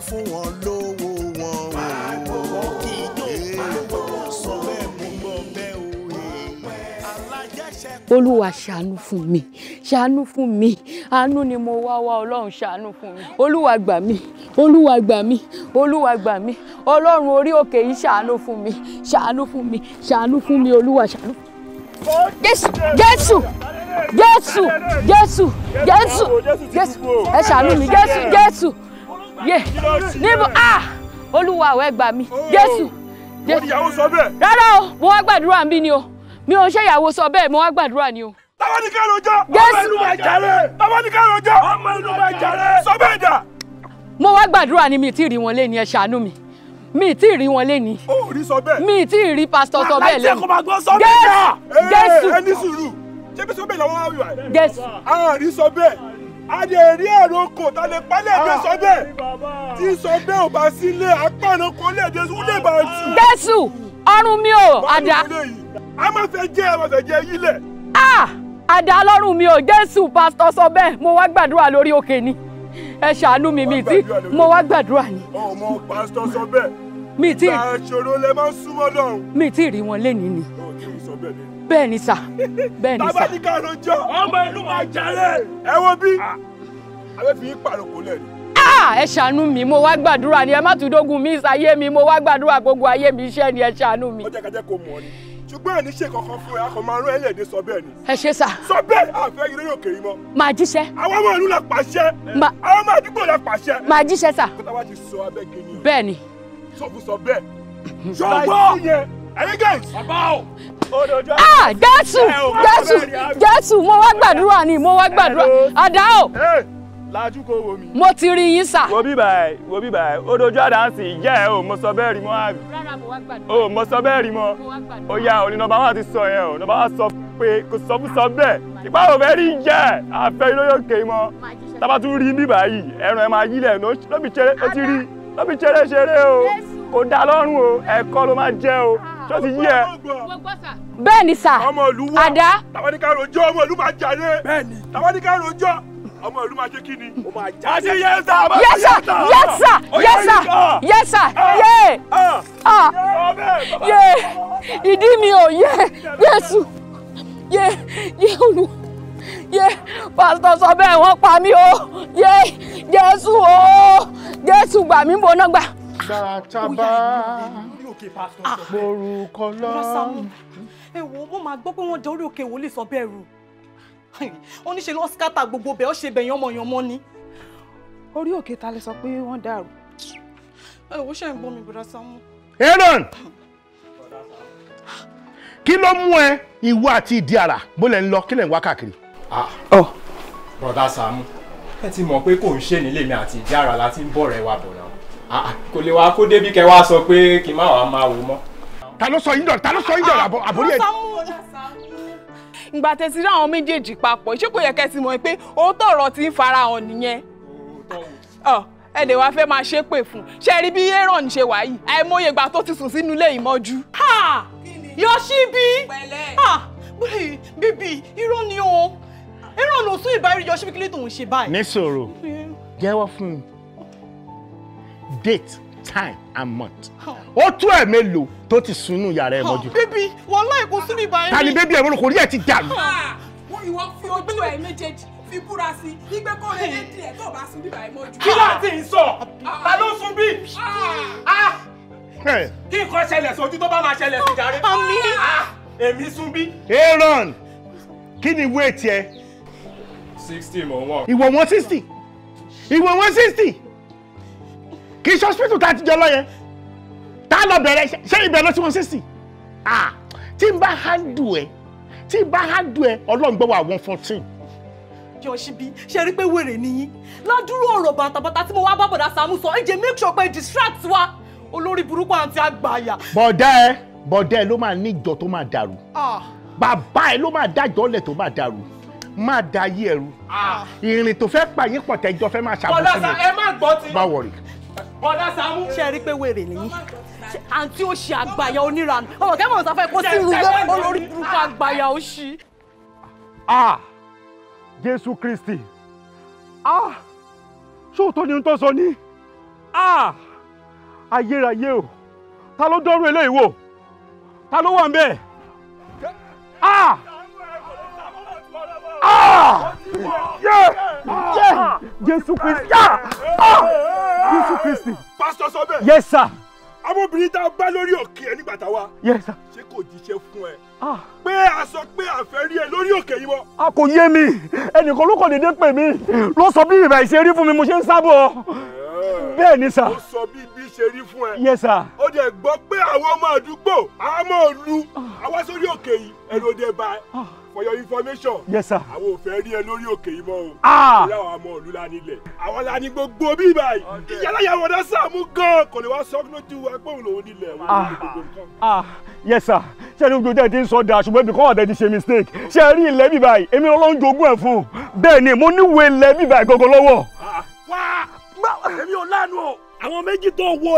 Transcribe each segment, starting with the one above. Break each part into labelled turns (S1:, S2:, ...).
S1: ń fún wọn lówó wọn o kì
S2: olúwa ṣàánú fún mi ṣàánú fún mi àánú ni mo wá wá ọlọ́run ṣàánú fún mi olúwa gbà mí olúwa gbà mí olúwa gbà mí ọlọ́run orí òkè yìí ṣàánú fún mi ṣàánú fún mi ṣàánú fún mi olúwa ṣàánú. jésù jésù jésù jésù jésù jésù ẹ ṣàánú mi jésù jésù yé níbo ah olúwa àwẹ̀ gbà mí jésù jésù rárá o mo wá gbàdúrà mi ni o mi ò ṣe ìyàwó sọ bẹ́ẹ̀ mo wá gbàdúrà ni o.
S1: táwọn ní ká ló jọ ọmọ inú máa jàre táwọn ní ká ló jọ ọmọ inú máa jàre sọ bẹ́ẹ̀ dà.
S2: mo wá gbàdúrà ni mi ti rí wọn lé ní ẹ ṣàánú mi mi ti rí wọn lẹ́ni. ó rí sọ bẹ́ẹ̀. mi ti rí pásítọ̀ sọ bẹ́ẹ̀ lẹ́ni. aláìsẹ̀ kò máa gbọ́ sọ bẹ́ẹ̀ dà. jésù jésù. ẹni
S1: sùúrù ṣé bí sọ bẹ́ẹ̀ làwọn a lè rí ẹ̀rọ kò tá lè pa lẹ́ẹ̀dẹ́ ah, sọ́bẹ̀ tí sọ́bẹ̀ ò bá sílé apáàna kan lẹ́ẹ̀dẹ́ sọ́bẹ̀ ó lè bá jù. Jésù ọrùn mi ò àdá. a máa fẹ́ jẹ́ a máa fẹ́ jẹ́ yílẹ̀. Ah, àdá lọ́rùn mi ò Jésù
S2: pásítọ̀ sọ bẹ́ẹ̀ mo wá gbàdúrà lórí òkè ni ẹ ṣàánú mi mi tí mo wá gbàdúrà ni. ọmọ pásítọ̀ sọ bẹ́ẹ̀ mi ti. ìgbà ìṣòro lè máa ń súnmọ́ lọ́rùn. mi ti rí wọn lẹ́ni ni. bẹ́ẹ̀ ni sà bẹ́ẹ̀ ni sà. bàbá
S1: ló jọ. ọmọ ìlú máa jalè. ẹ wo bí abẹ́ fi pàrọ̀kọ lẹ́nu.
S2: ẹ ṣàánú mi mo wá gbàdúrà ni ẹ má tún mi ṣayé mi mo wá gbàdúrà gbogbo ayé mi iṣẹ́ ni ẹ ṣàánú mi. ó
S1: jẹ́ kájẹ́ kó mọ̀ ni ṣùgbọ́n ẹ̀ ṣe kankan fún ẹ akọ máa rán ẹlẹ́dẹ̀ sọ bẹ́ẹ̀ ni. ẹ ṣe sà. sọ bẹ́ẹ̀ àfẹ́ ilé yóò kéré mọ́. màá jíṣẹ́. àwọn ọmọ ìlú la pàṣẹ. àwọn ọmọ àdúgbò la pàṣẹ. màá jíṣẹ́ sà. kọ́tà ti sọ abẹ́gẹ́ ni. bẹ́ẹ̀ ni sọ̀fù sọ bẹ́ẹ̀. ṣùgbọ́n ẹ̀yin guys. bàbá ah, mo wá gbàdúrà ni mo wá gbàdúrà àdá o.
S2: mo ti rí yín sà. wo bí báyìí wo bí
S1: báyìí ó dojú àdáǹsì ìyá ẹ o mo sọ bẹ́ẹ̀ rí mọ́ àbí. mo wá gbàdúrà. o mo sọ bẹ́ẹ̀ rí mọ́. mo wá
S2: gbàdúrà. ó yá òní nọ́mbà wa
S1: ti sọ yẹn o nọ́mbà wa sọ pé kò sọ fún sọ bẹ́ẹ̀ ìpá ò fẹ́ rí jẹ́ àfẹ́ iná yóò ké mọ́ tábà tún rí bí báyìí ẹran ẹ máa yílẹ̀ lóbi ṣeré ó ti rí lóbi ṣeré ṣeré o kò dá lọ́rùn o ẹ̀kọ́ ló máa jẹ́ o tó ti yí ẹ. bẹ́ẹ̀ ni sà àdá. tàwọn ní ká rojọ́ ọmọ ìlú máa jàre. bẹ́ẹ̀ ni tàwọn ní ká rojọ́ ọmọ ìlú máa ṣe kí ni. ó máa jà sí yẹn sà. yẹn sà yẹn sà yẹn sà yẹn sà yẹ yẹ ah, ah.
S3: ah.
S2: ìdí mi ò yẹ Jésù yẹ yẹ olú pásítọ̀ sọ bẹ́ẹ̀ wọ́n pa mí o yẹ Jésù o Jésù gbà
S1: mí bọ́ná
S3: gbà gbàtàbà
S1: morúkọ
S3: lọ. ẹ wo wọn máa gbọ́ pé wọ́n jẹ́ orí òkè wòlíì sọ bẹ́ẹ̀ rù ó ní ṣe lọ́ọ́ skata gbogbo bẹ́ẹ̀ ó ṣe bẹ̀yàn mọ̀yànmọ́ ni. orí òkè ta lẹ sọ pé wọ́n dàrú. ẹ wo ṣe ń gbọ́ mi bùrọ̀ sámú. aaron
S1: kí ló mú ẹ ìwọ àti ìdí ara bó lẹ ń lọ kí lẹ ń wá káàkiri. Ah. Oh. bọ̀dá Sàámú ẹ ti mọ̀ pé kò ń ṣe nílé mi àti ìdí ara la ti ń bọ̀rẹ̀ wa bọ̀ náà. Ah, kò lè wá kó débi kẹ wá sọ pé kí n má wàá máa wò mọ́. ta ló sọ yín dọ̀rọ̀ ta ló sọ yín
S3: dọ̀rọ̀ àbórí ẹ̀. ìgbà tẹ̀sí rí àwọn méjèèjì papọ̀ ṣé kò yẹ kẹ́ ti mọ̀ pé òótọ́ ọ̀rọ̀ ti ń farahàn nìyẹn ẹ lè wá fẹ́ máa ṣépè fún ṣe rí bí aaron ṣe wà àìmọye ìgbà tó ti sùn sínú ilé ìmọ́jú. yọ̀ọ́sí bí bíbí irọ́ ni o aaron ò sún ìbárí yọ̀ọ́sí bí tó ń ṣe báyìí. ní sọ̀rọ̀ hmm.
S1: jẹ́wọ́ fún mi date time and month. ó tó ẹ̀ mélòó tó ti sun inú yàrá ẹ̀ mọ́jú.
S3: bébí wàhálà èkó sí mi báyìí. tani bébí ẹ̀ mo lò kò rí ẹ̀ ti dàrú. ìwọ fi ojú ẹ̀ méjèèjì fi búra sí igbe kó lè lé díẹ̀ tó bá sun bí báyìí mọ́jú. kí ló ti ń sọ ah. ta ló sun bí. kí nǹkan ṣẹlẹ̀ sójú tó bá máa ṣẹlẹ̀ sí jàre.
S1: èmi sun bí. Aaron kí ni weight ẹ.
S3: sixty mo wọ. ìwọ
S1: wọn sixty ìwọ wọn sixty kì í ṣe hospital tá a ti jọ lọ yẹn tá a lọ bẹ̀rẹ̀ ṣé ibẹ̀ lọ sí wọn ṣe sì ah
S3: tí n bá handle ẹ tí n bá handle ẹ ọlọ́run gbọ́ wà one fourteen. yọ síbi ṣe rí pé wèrè nìyí ládùúrú ọ̀rọ̀ bàtàbàtà tí mo wá bá bọ̀dà ẹ jẹ́ make sure pé distract wa olórí burúkú àti àgbàyà.
S1: bọ̀dá ẹ bọ̀dá ẹ ló máa ní ìjọ tó máa dàrú bàbá ẹ ló máa dájọ́ ọ̀lẹ̀ tó máa dàrú máa da ayé ẹrú ìrìn tó fẹ́ pààyàn pọ̀tẹ́jọ́ fẹ́ máa ṣàbọ̀sílẹ̀ bọ́lá ẹ má gbọ́ ti. báwọ̀ rí
S3: bọ̀dá Sàámú. ṣé ẹ rí pé wèrè nìyí àǹtí ó ṣe àgbàyà oníranù ọmọ kẹ́mọ̀ ọ̀sán fẹ́ kó sí irú olórí burúkú àgbàyà ó ṣí. ah
S1: Jésù Kristi ah ṣóòótọ́ ni n tó sọ ní ah ayérayé o ta ló dọ́rùn eléyìí wò ta ló wà ń bẹ́ẹ̀ ah. Ah! Ah! Ah! Jésù Kristi. Jésù Kristi. Pásítọ̀ sọ Yes sir. Amóbìnrin tá a bá lórí òkè ẹ nígbà tá a wá. Yes sir. Ṣé kò jíṣẹ́ fún ẹ? Pé a sọ pé a fẹ́ rí ẹ lórí òkè yìí mọ́. A kò yé mi, ẹnìkan ló kàn déédéé pè mí, ló sọ bí ìbà ìṣe rí fún mi, mo ṣe ń sábọ̀. Bẹ́ẹ̀ ni sà. Ó sọ bí ibi ṣe rí fún ẹ. Yes sir. Ó dẹ̀ gbọ́ pé àwọn ọmọ àdúgbò, àwọn ọmọ òlu, àwa sórí òkè yìí, ẹ̀rọ dẹ̀ for your information. yes sir. àwọn ò rí ẹ lórí òkè yìí mọ́ o. Ah! ìyá àwọn ọmọ òlu la nílẹ̀. àwọn la ní gbogbo bí báyìí. ìyálàyà wọn náà sàmú gan kò lè wá sọ lójú agbóhùn lòun nílẹ̀ wọn ah, ah, yes sir ṣé ní gbogbo tẹ́tí ń sọ da ṣùgbọ́n ibi kan wà tẹ́tí ṣe mistake ṣé rí ilẹ̀ bí báyìí èmi ọlọ́run jogún ẹ̀ fún bẹ́ẹ̀ ni mo níwèé ilẹ̀ bí báyìí gọ́gọ́ lọ́wọ́. wá èmi ò lánàá àwọn méjì tó wọ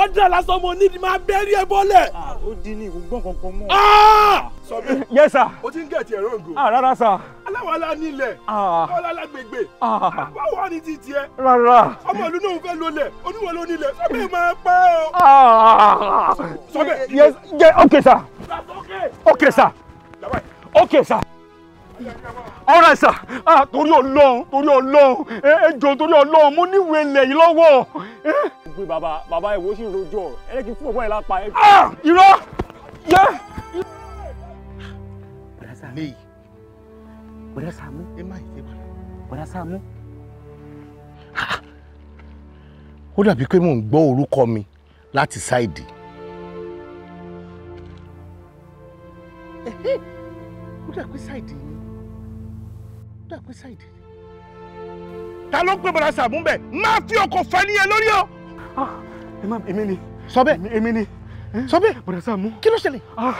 S1: ọ̀dà lásán mo ní ma bẹ́rí ẹ bọ́lẹ̀. Ah, ó dín ní ìwúgbọ́n kankan mọ́. Ah! sọ bẹ́ẹ̀ yes sir. o ti ń gẹ̀ẹ́tì ẹ̀rọ ògùn. Ah, rárá sà. aláwọ̀ nílẹ̀ aláwọ̀ alágbègbè báwo wà ti tiẹ̀. rárá. ọmọ ìlú náà fẹ́ lólẹ̀ oníwọ̀ nílẹ̀ sọ bẹ́ẹ̀ máa pẹ́ o. sọ bẹ́ẹ̀. yes yes okay sir. okay sir. okay sir ọ̀rọ̀ ẹ̀sà torí ọlọ́run torí ọlọ́run ẹ eh, eh, torí ọlọ́run mo níwèé ilẹ̀ lọ́wọ́. Eh, pé bàbá bàbá ẹ̀ wo sì rojọ́ ẹ lẹ́kìn fún ọ̀gbọ́n ẹ̀ lápá ẹ̀. Ah! irọ́ yẹ. bọ̀dá Sàámú bọ̀dá Sàámú bọ̀dá Sàámú. ó dàbí pé mò ń gbọ́ orúkọ mi láti ṣáìdì. ó dàbí ṣáìdì ni ó dàbí ṣáìdì ni ta ló ń pè bọ̀dá Sàámú bẹ́ẹ̀ má fi ọkọ̀ fẹ́ níyẹn lórí o. Ah, ẹ má èmi ni. sọ bẹ́ẹ̀ èmi ni. sọ bẹ́ẹ̀ bọ̀dà Sàámú. kí ló ṣẹlẹ̀. Ah,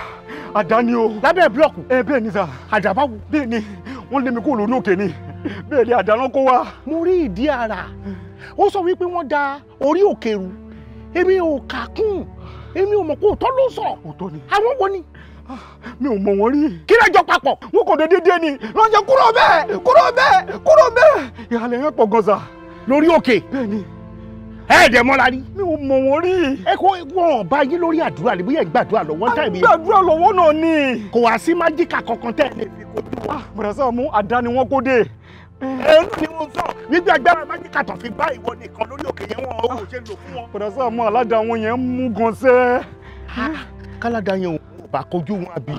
S1: àdá ni o. lábẹ́ búlọ̀kù. ẹ bẹ́ẹ̀ ni sà. àdàbà wo. bẹ́ẹ̀ ni wọ́n lé mi kó lórí òkè ni bẹ́ẹ̀ ni àdá náà kó wa. mo rí ìdí ara ó sọ wípé wọ́n da orí òkè rú èmi ò kà kún èmi ò mọ̀ pé òótọ́ ló sọ àwọn wo ni. Ah, mi ò mọ̀ wọ́n rí. kí lẹ́jọ́ papọ̀. wọn kò dédé dé ni lọ́jọ́ kúrò bẹ́ẹ̀ kúrò bẹ́ẹ̀ kúrò bẹ́ẹ̀. ìhàlẹ̀ yẹn pọ̀ gan-an sà. lórí òkè. bẹ́ẹ̀ ni ẹ̀ẹ́dẹ̀ mọ́ra rí. mi ò mọ̀ wọ́n rí. ẹ kó wọn bá yín lórí àdúrà ni bóyá ìgbàdúrà lọ́wọ́ táìmì. àgbàdúrà lọ́wọ́ náà ni. kò wá sí májíkà kankan tẹ̀ lè fi kojú wa. Ah, bùrọ̀sà mú àdá ni kó dé. ẹ̀rù ni wọ́n sọ níbi agbára májíkà tó fi bá ìwọ nìkan lórí òkè yẹn wọn ò ah. ṣe lò fún wọn. bùrọ̀sà mú aládàá wọn yẹn mú gan sẹ́. Ah, káládàá yẹn ò bá kojú wọn àbí.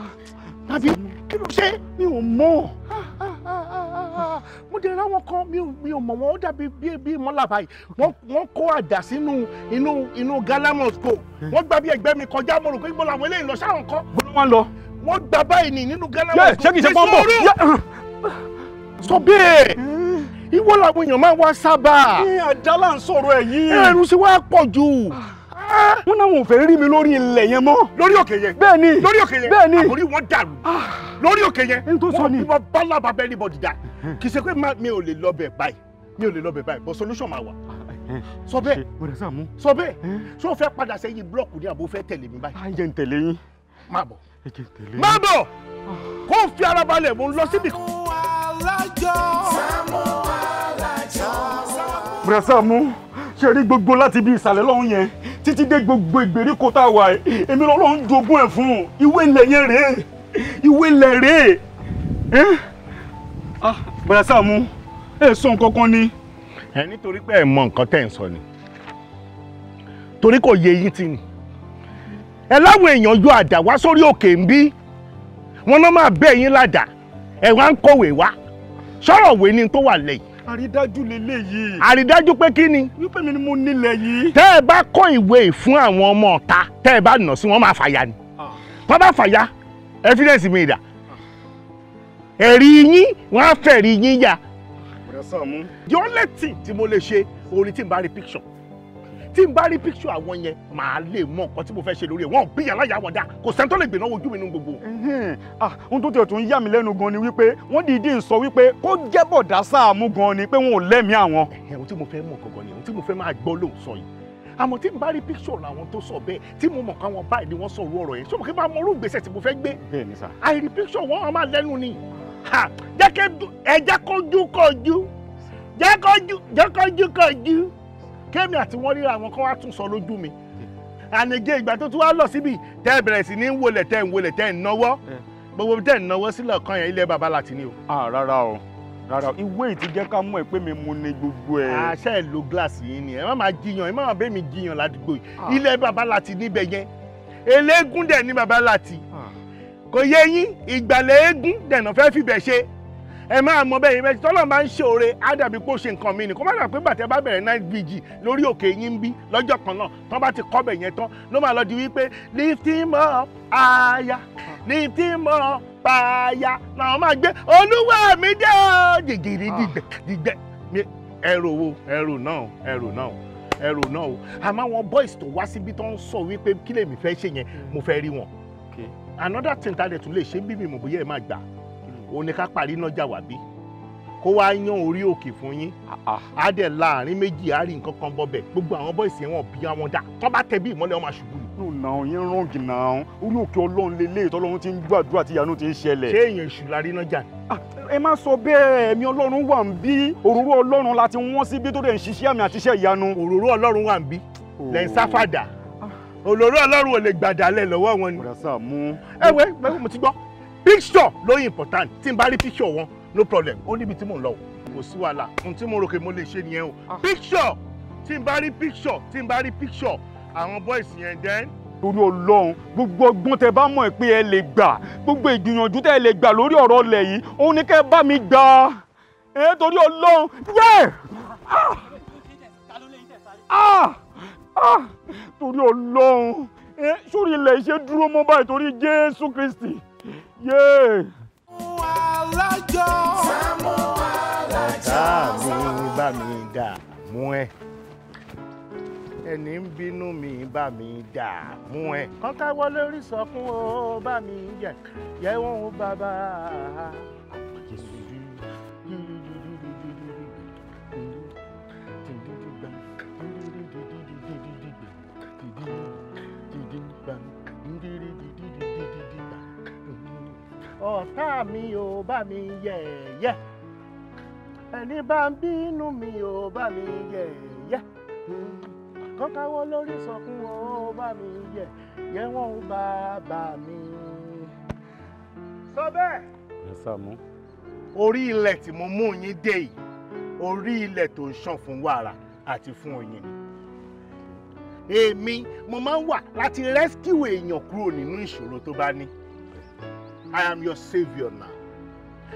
S1: àbí kí ló ṣe mi ò mọ̀. Ah, mo dẹ̀ ra kan mi ò mọ̀ wọn ó dàbí bíi mọ́là báyìí wọ́n kó àdá sínú inú inú kò wọ́n gba bí ẹgbẹ́ mi kọjá mo rò pé gbọ́dọ̀ àwọn eléyìí lọ sáwọn kan. gbọ́dọ̀ wọn lọ. wọ́n gba báyìí nínú galamons kò ní sọ̀rọ̀ sọ bẹ́ẹ̀ ìwọ làwọn èèyàn máa wá sábà. ní àjálà ń sọ̀rọ̀ ẹ̀ yìí. ẹ̀rù sì wá pọ̀ jù. Ah wọ́n náà wọn ò fẹ́ rí mi lórí ilẹ̀ yẹn mọ́. lórí òkè yẹn. bẹ́ẹ̀ ni lórí òkè yẹn. bẹ́ẹ̀ ni àkórí wọn dàrú. Ah. lórí òkè yẹn. n tó sọ ni. wọn bá lába bẹ́ẹ̀ ní bọ́dìdà kì í ṣe pé mi ò lè lọ́bẹ̀ báyìí mi ò lè lọ́bẹ̀ báyìí but solution máa wà. sọ bẹ́ẹ̀ sọ bẹ́ẹ̀ sọ fẹ́ padà sẹ́yìn blọ́ọ̀kù ni àbò fẹ́ tẹ̀lé mi báyìí. a jẹ́ n yín. má bọ̀ má bọ̀ ah. kó fi ara balẹ̀ mo ń lọ síbi. Sàámú Alájọ. Sàámú Alájọ. bùrẹ̀ Sàámú ṣe rí gbogbo láti ibi ìsàlẹ̀ lọ́hùn yẹn títí dé gbogbo ìgbèríko tá a wà ẹ èmi lọ́lọ́run jogún ẹ̀ fún ìwé ilẹ̀ yẹn rèé ìwé ilẹ̀ rèé ẹ́ ah bàdà Sàámú ẹ sọ nǹkan kan ni. ẹ nítorí pé ẹ mọ nǹkan tẹ́ ẹ̀ ń sọ ni torí kò yé yín ti ni ẹ láwọn èèyàn yọ àdá wá sórí òkè ń bí wọn náà máa bẹ́ yín ládàá ẹ wá ń kọ̀wé wá sọ̀rọ̀ òwe ni tó wà lẹ́yìn àrídájú leléyìí. àrídájú pé kí ni. wípé mi ni mo nílẹ̀ yìí. tẹ́ ẹ bá kọ ìwé fún àwọn ọmọ ọ̀ta tẹ́ ẹ bá nà sí wọn máa fàyà ni. Ah. tó bá fàyà evidence mi dà. Ah. ẹ̀rí yín wọ́n á fẹ̀rí yín yà. yọ́lẹ́tì tí mo lè ṣe orin tí n bá rí picture tí n bá rí píkṣọ àwọn yẹn màá lè mọ nǹkan tí mo fẹ́ ṣe lórí ẹ̀ wọ́n bí aláya wọn dá kò sẹ́ni tó lè gbìnà ojú mi nínú gbogbo. Ah, ohun tó tiẹ̀ tún yà mí lẹ́nu gan ni wípé wọ́n dìídì ń sọ wípé kó jẹ́ bọ̀dá Sàámú gan ni pé wọn ò lẹ́mìí àwọn. ohun tí mo fẹ́ mọ̀ gangan ni ohun tí mo fẹ́ máa gbọ́ ló ń sọ yìí àmọ́ tí n bá rí píkṣọ̀ làwọn tó sọ bẹ́ẹ̀ tí mo mọ̀ káwọn báyìí ni wọ́n sọ orú ọ̀rọ̀ yẹn ṣé mo kí n bá mọ orú ìgbésẹ̀ tí mo fẹ́ gbé àìrí píkṣọ̀ wọn a máa lẹ́nu ni jẹ́ kó jú kọjú jẹ́ kó jú kọjú kémi àti wọ́n ríra àwọn kan wá tún sọ lójú mi ànigé ìgbà tó tún wá lọ síbi tẹ́ bẹ̀rẹ̀ sí ní wọlé tẹ́ ń wọlé tẹ́ ń náwó eh. gbogbo tẹ́ ń náwó sílẹ̀ kan yẹn ilé baba láti ní o. Ah, rárá o rárá o ìwé yìí ti jẹ́ ká mọ̀ ẹ́ pé mi mu ni gbogbo ẹ̀. àṣẹ ìlú gíláàsì yìí ni ẹ má máa jiyàn ẹ má máa bẹ́ mi jiyàn ládùúgbò yìí ah. ilé baba láti níbẹ̀ yẹn eléégún dẹ̀ ní baba láti ah. kò yẹ yín ìgbàlẹ̀ eégún dẹ̀nà fẹ́ fìbẹ̀ ṣe ẹ máa mọ bẹ́ẹ̀ ìrẹsì tọ́lọ́ máa ń ṣe oore á dàbí pé ó ṣe nǹkan mi ni kó má dà pé bàtẹ́ bá bẹ̀rẹ̀ night vigil lórí òkè yín ń bí lọ́jọ́ kan náà tán bá ti kọ́ bẹ̀ yẹn tán ló máa lọ di wípé lifting mọ́ aya lifting làwọn máa gbé olúwa mi dé o dìgbẹ́ ah. dìgbẹ́ ẹrù owó ẹrù náà ẹrù náà ẹrù náà o àmọ́ àwọn boys tó wá síbi tó ń sọ wípé kí lèmi fẹ́ ṣe yẹn hmm. mo fẹ́ rí wọn another thing tá a dẹ̀ tún lè ṣe ń bí mi mọ̀ bóyá ẹ máa gbà á òun ni ká parí náà jà wá bí kó wá yan orí òkè fún yín á ah, ah. dẹ̀ láàrin méjì á rí nǹkan kan bọ́bẹ̀ gbogbo àwọn bọ́ìsì ẹ̀wọ̀n bí àwọn dà tó bá tẹ bí ìmọ́lẹ̀ wọn máa ṣubú ni. nù náà yín ràn gìnà orí òkè ọlọ́run lélẹ̀ tọ́lọ́run ti ń gbàdúrà tí ìyanu ti ń ṣẹlẹ̀. ṣé èèyàn èṣù la rí náà jà ah, ẹ má sọ bẹ́ẹ̀ ẹ̀mí ọlọ́run wà ń bí òróró ọlọ́run láti wọ́n sí bí tó dẹ̀ ń ṣiṣẹ́ picture ló yẹ important tí n bá rí picture wọn no problem ó níbi tí mò ń lọ kò sí wàhálà ohun tí mo rò pé mo lè ṣe nìyẹn o ah. picture tí n bá rí picture tí n bá rí picture àwọn boys yẹn then torí ọlọ́run gbogbo ọgbọ́n tẹ bá mọ̀ ẹ́ pé ẹ lè gbà gbogbo ìgbìyànjú tẹ lè gbà lórí ọ̀rọ̀ ọlẹ̀ yìí òun ni kẹ́ bá mi gbà ẹ torí ọlọ́run yẹ ah! ah! torí ọlọ́run sórí ilẹ̀ ìṣe dúró mọ́ báyìí torí Jésù Kristi yéé. alájọ Sàámú alájọ ẹni ń bínú mi bá mi dààmú ẹ kọ́ńtà wọlé orí sọkún ó bá mi yẹ yẹ wọn bàbá. ọ̀tá mi ò bá mi yẹ̀yẹ́ ẹni bá ń bínú mi ò bá mi yẹ̀yẹ́ kọ́káwọ́ lórí sọkún ò bá mi yẹ̀ yẹ́ wọ́n ń bá bá mi. sọ bẹ́ẹ̀. ẹ sàmú. orí ilẹ̀ tí mo mú yín dé yìí orí ilẹ̀ tó ń ṣàn fún wàrà àti fún oyin ni èmi mo máa ń wà láti rẹ́síkìwò èèyàn kúrò nínú ìṣòro tó bá ní. I am your saviour now.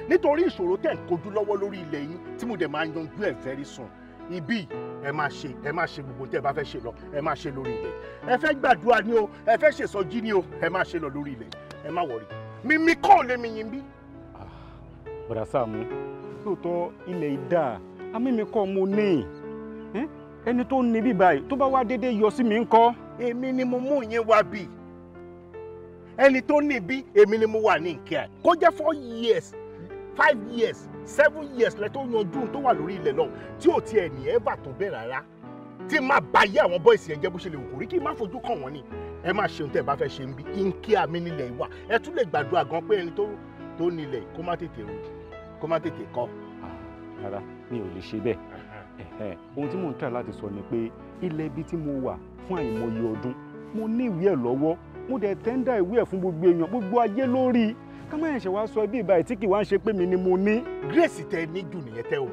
S1: Nítorí ìṣòro tẹ̀ ń kojú lọ́wọ́ lórí ilẹ̀ yín tí mo dẹ̀ máa yanjú ẹ̀ very soon. Ibi ẹ máa ṣe ẹ máa ṣe gbogbo tẹ́ ẹ bá fẹ́ ṣe lọ ẹ máa ṣe lórí ilẹ̀. Ẹ fẹ́ gbàdúrà ni o, ẹ fẹ́ ṣèsọjí ni o, ẹ máa ṣe lọ lórí ilẹ̀. Ẹ má wọrí. Mímí kọ́ ò mi yín bí. Ah, Bàdà Sàámú, lóòótọ́ ilẹ̀ ìdá, amímí kọ́ mo ní. Ẹni tó ní bíbáyìí tó bá wá déédéé yọ sí mi ńkọ́. Èmi ni mo mú yín wá bíi ẹni tó níbi èmi ni mo wà ní nkẹ́ ẹ̀ kó jẹ́ four years five years seven years lẹ tó yanjú tó wà lórí ilẹ̀ lọ tí ò tiẹ̀ ní ẹ̀ bà tó bẹ̀ rárá tí má ba yé àwọn bọ́ìsì ẹ̀jẹ̀ bó ṣe lè wù kó rí kí n má fojú kàn wọ́n ni ẹ má ṣe ohun tẹ́ ẹ bá fẹ́ ṣe ń bí nkẹ́ àmì nílẹ̀ ìwà ẹ tún lè gbàdúrà gan pé ẹni tó nílẹ̀ kó má tètè rò kó má tètè kọ́. Ah, rárá mi ò lè ṣe bẹ́ẹ̀ ohun tí mò ń tà láti sọ ni pé ilẹ̀ ibi tí mo wà fún àìmọye ọdún mo ní ìwé ẹ̀ lọ́wọ́ mo dẹ̀ tẹ́ńdà ìwé ẹ̀ fún gbogbo èèyàn gbogbo ayé lórí ká ẹ̀ṣẹ̀ wá sọ ibi ìbáyìí tí kì wá ń ṣe pé mi ni mo ní. grace tẹ ní jù nìyẹn tẹ o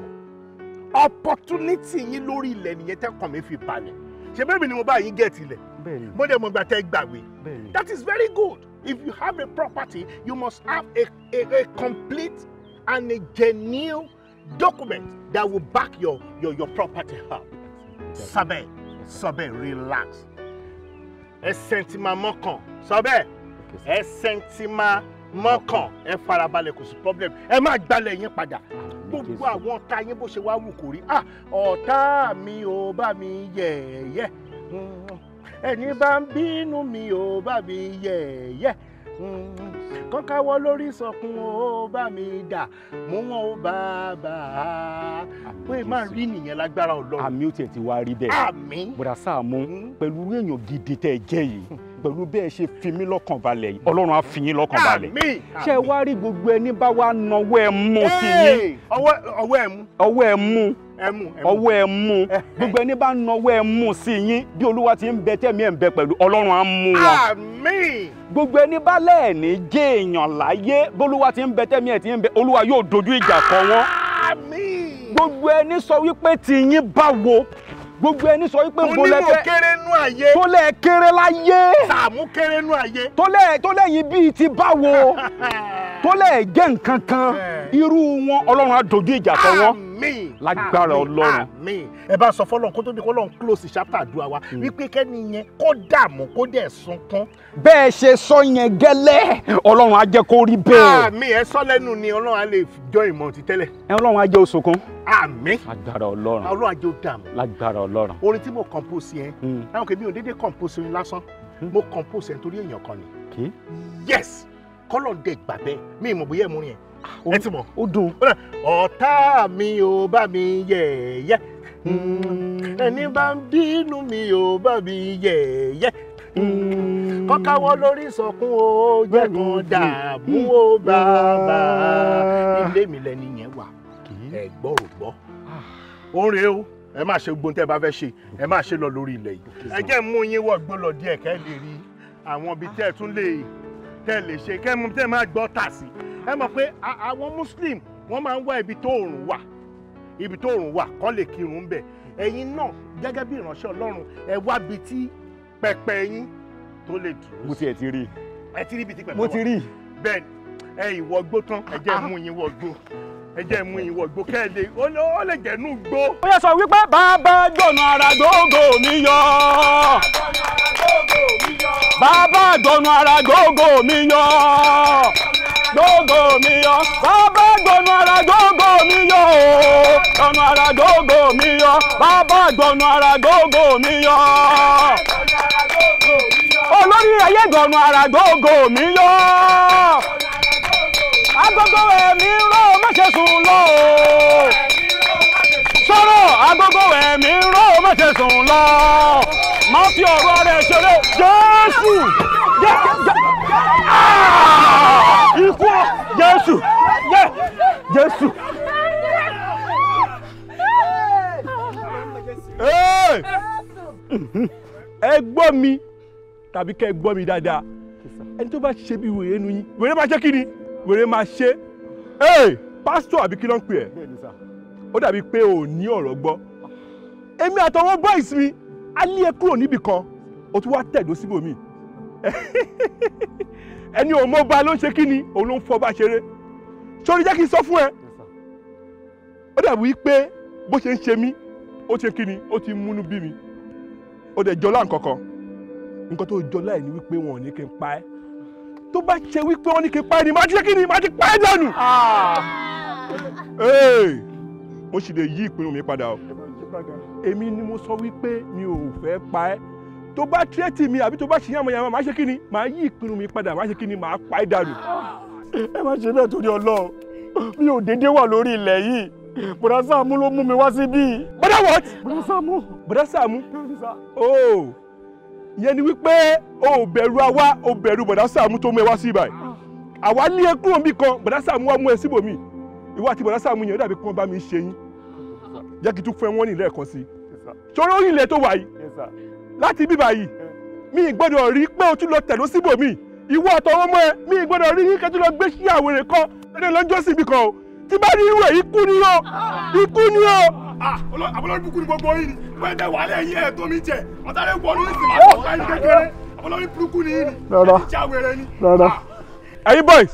S1: opportunity yín lórí ilẹ̀ nìyẹn tẹ kàn mí fi balẹ̀ ṣe bẹ́ẹ̀ ni mo bá yín gẹ̀ẹ́tì ilẹ̀ mo dẹ̀ mo gbà tẹ́ gbàgbé that is very good if you have a property you must have a, a, a complete and a genuine document that will back your your your property up. Sabe, Sabe, relax ẹsẹ̀ tí máa mọ́kàn sọ bẹ́ẹ̀ ẹsẹ̀ tí máa mọ́kàn ẹ farabalẹ̀ kò sí problem ẹ má gbalẹ̀ yín padà gbogbo àwọn ọ̀tá yín bó ṣe wá wù kò rí ah ọ̀tá mi ò bá mi yẹ̀yẹ́ hmm, ẹni bá ń bínú mi ò bá mi yẹ̀yẹ́. Hmm, kọ́káwọ́ lórí sọkún ó bá mi dà mú wọn ó bá bá a pé ah, má rí nìyẹn lágbára ọlọ́run. àmì ó tiẹ̀ ti wá rí bẹ́ẹ̀ bùrà Sàámú hmm. pẹ̀lú èèyàn gidi tẹ́ jẹ́ yìí pẹ̀lú bẹ́ẹ̀ ṣe fi mí lọ́kàn balẹ̀ yìí ọlọ́run á fi yín lọ́kàn balẹ̀ ṣé wá rí gbogbo ẹni bá wá nawọ́ ẹ mú sí yín ọwọ́ ẹ mú ọwọ́ ẹ mú ọwọ́ ẹ mú gbogbo ẹni bá ń nawọ́ ẹ mú sí yín bí olúwa ti ń bẹ tẹ̀mí ẹ̀ ń bẹ pẹ̀lú ọlọ́run á mú wọn. àmín. gbogbo ẹni bá lẹ́ẹ̀ni jẹ́ èèyàn láyé bólúwa ti ń bẹ tẹ̀mí ẹ̀ ti ń bẹ olúwa yóò dojú ìjà kọ wọn. àmín. gbogbo ẹni sọ wípé tiyín báwo gbogbo ẹni sọ wípé mo lẹ fẹ́ kéré nú ayé tó kéré láyé Sàámú kéré nú ayé tó lẹ tó bíi ti báwo tó jẹ́ nǹkan kan irú wọn Ọlọ́run á dojú ìjà kọ wọn àmín lágbára ọlọ́run àmín ẹ bá sọ fọlọ́n kó tó di kọ́lọ́n close chapter àdúrà wa mm. wípé kẹ́ni yẹn kó dààmú kó dẹ̀ sunkún. bẹ́ẹ̀ ṣe sọ yẹn gẹ́lẹ́ ọlọ́run á jẹ́ kó rí bẹ́ẹ̀. àmín ẹ sọ lẹ́nu ni ọlọ́run á lè jọ ìmọ̀ ti tẹ́lẹ̀. ẹ ọlọ́run á jẹ́ oṣù kan. àmín lágbára ọlọ́run ọlọ́run á jẹ́ dààmú. lágbára ọlọ́run. orin tí mo compose yẹn láwọn mm. kèmí ò dédé compose yẹn lásán hmm. mo compose yẹn torí èèyàn kan ni. yes kọ́lọ́n dẹ̀ gbà bẹ́ẹ̀ mi ì mọ̀ bóyá ẹ̀ mú yẹn ẹ ti mọ̀ ó dùn ọ̀tá mi ò bá mi yẹ̀yẹ́ hmm. ẹni bá ń bínú mi ò bá mi yẹ̀yẹ́ hmm. kọ́káwọ́ lórí sọkún o jẹ́ kan hmm. dààmú o bàbá ilé mi lẹni yẹn wà ẹ gbọ́ ò gbọ́ ah. ó o ẹ má ṣe gbóhùn tẹ́ ẹ bá fẹ́ ṣe ẹ má ṣe lọ lórí ilẹ̀ yìí ẹ jẹ́ mú yín wọ̀ gbó lọ díẹ̀ lè rí àwọn ibi tẹ́ tún lè tẹ́ lè ṣe kẹ́ mú tẹ́ má gbọ́ tà sí ẹ mọ̀ pé àwọn muslim wọ́n máa ń wá ibi tó òòrùn wà ibi tó òòrùn wà kọ́ lè kírun bẹ̀ ẹ̀yin náà gẹ́gẹ́ bí ìránṣẹ́ ọlọ́run ẹ wá bi tí pẹpẹ yín tó lè dúró sí. mo ti ẹ̀ ti rí i. ẹ ti rí ibi tí pẹpẹ wà mo ti rí i. bẹ́ẹ̀ ẹ ìwọ gbó tán ẹ jẹ́ mú yín wọ gbó ẹ jẹ́ mú yín wọ gbó kẹ́ẹ̀lé ó lè jẹ́nu
S3: gbó. ó yẹ sọ wípé bàbá gbọ̀nà ara gbogbo mi yọ.
S1: bàbá gbọ̀nà ara gbogbo mi yọ. bàbá gbọ̀nà ara gbogbo mi yọ gbogbo mi yọ bàbá gbọnu ara gbogbo mi yọ gbọnu ara gbogbo mi yọ bàbá gbọnu ara gbogbo mi yọ olórí ayé gbọnu ara gbogbo mi yọ agogo ẹ̀mí ró má ṣe sùn lọ sọ̀rọ̀ agogo ẹ̀mí ró má ṣe sùn lọ má fi ọ̀rọ̀ rẹ̀ ṣeré Jésù ikú jésù jésù. ẹ gbọ́ mi tàbí kẹ́ ẹ gbọ́ mi dáadáa ẹni tó bá ṣe bí wèrè nu yín wèrè máa ṣe kí ni wèrè máa ṣe ee pásítọ̀ àbí kí ló ń pè ẹ́ ó dàbí pé ò ní ọ̀rọ̀ gbọ́ èmi àtọwọ́ bọ́ìsì mi á lé ẹ kúrò níbì kan ó tún wá tẹ̀dó síbòmíì ẹni ò mọ ba ló ń ṣe kí ni òun ló ń fọ bá ṣeré sórí jẹ́ kí n sọ fún ẹ ó dàbí pé bó ṣe ń ṣe mí ó ṣe kí ni ó ti múnú bí mi ó dẹ̀ jọlá nkankan nǹkan tó jọlá ẹ̀ ni wípé wọn ò ní kí n pa ẹ́ tó bá ṣe wípé wọn ní kí n pa ẹ́ ni màá ti ṣe kí ni màá ti pa ẹ́ dànù. Ah! mo sì lè yí ìpinnu mi padà o èmi ni mo sọ wípé mi ò fẹ́ pa ẹ́ tó bá tírẹ́tì mi àbí tó bá ṣìyàn àmọ̀yàmọ̀ máa ṣe kí ni máa yí ìpinnu mi padà máa ṣe kí ni máa pa é dànù. ẹ má ṣe bẹ́ẹ̀ torí ọlọ́run mi ò déédéé wà lórí ilẹ̀ yìí bọ̀dá Sàámú ló mú mi wá síbí. bọ̀dá what. bọ̀dá Sàámú. bọ̀dá Sàámú. ooo oh. ìyẹn ni wípé o ò bẹ̀rù àwa o bẹ̀rù bọ̀dá Sàámú tó mú ẹ wá sí ibà yìí àwa ní ẹ kúrò níbi kan bọ̀dá Sàámú wá mú ẹ síbòmí ìwọ àti bọ̀dá Sàámú yẹn ó dàbí kí wọ́n bá mi ṣe yín jẹ́ kí tún fún ẹ wọ́n ní lẹ́ẹ̀kan sí i ṣòro ilẹ̀ tó wà yìí láti bí báyìí mi gbọ́dọ̀ rí pé o tún lọ tẹ̀lé síbòmí ìwọ àtọwọ́ mọ́ ẹ mi gbọ́dọ̀ rí yín kẹ́tù lọ gbé sí àwèrè kan lẹ́nu lọ́jọ́ síbi kan o tí bá rí irú ẹ̀ ikú ni o ikú ni o. Ah, àbọ̀lọ́dún kúkú ni gbogbo yìí ni wọ́n dẹ̀ wà lẹ́yìn ẹ̀ tó mi jẹ ọ̀tàlẹ̀ wọnú ìsìn máa tọ́ka ẹni kékeré àbọ̀lọ́dún kúkú ni yìí
S3: ni ẹni jẹ́ àwèrè ni.
S1: Ah. ẹ̀yin boys.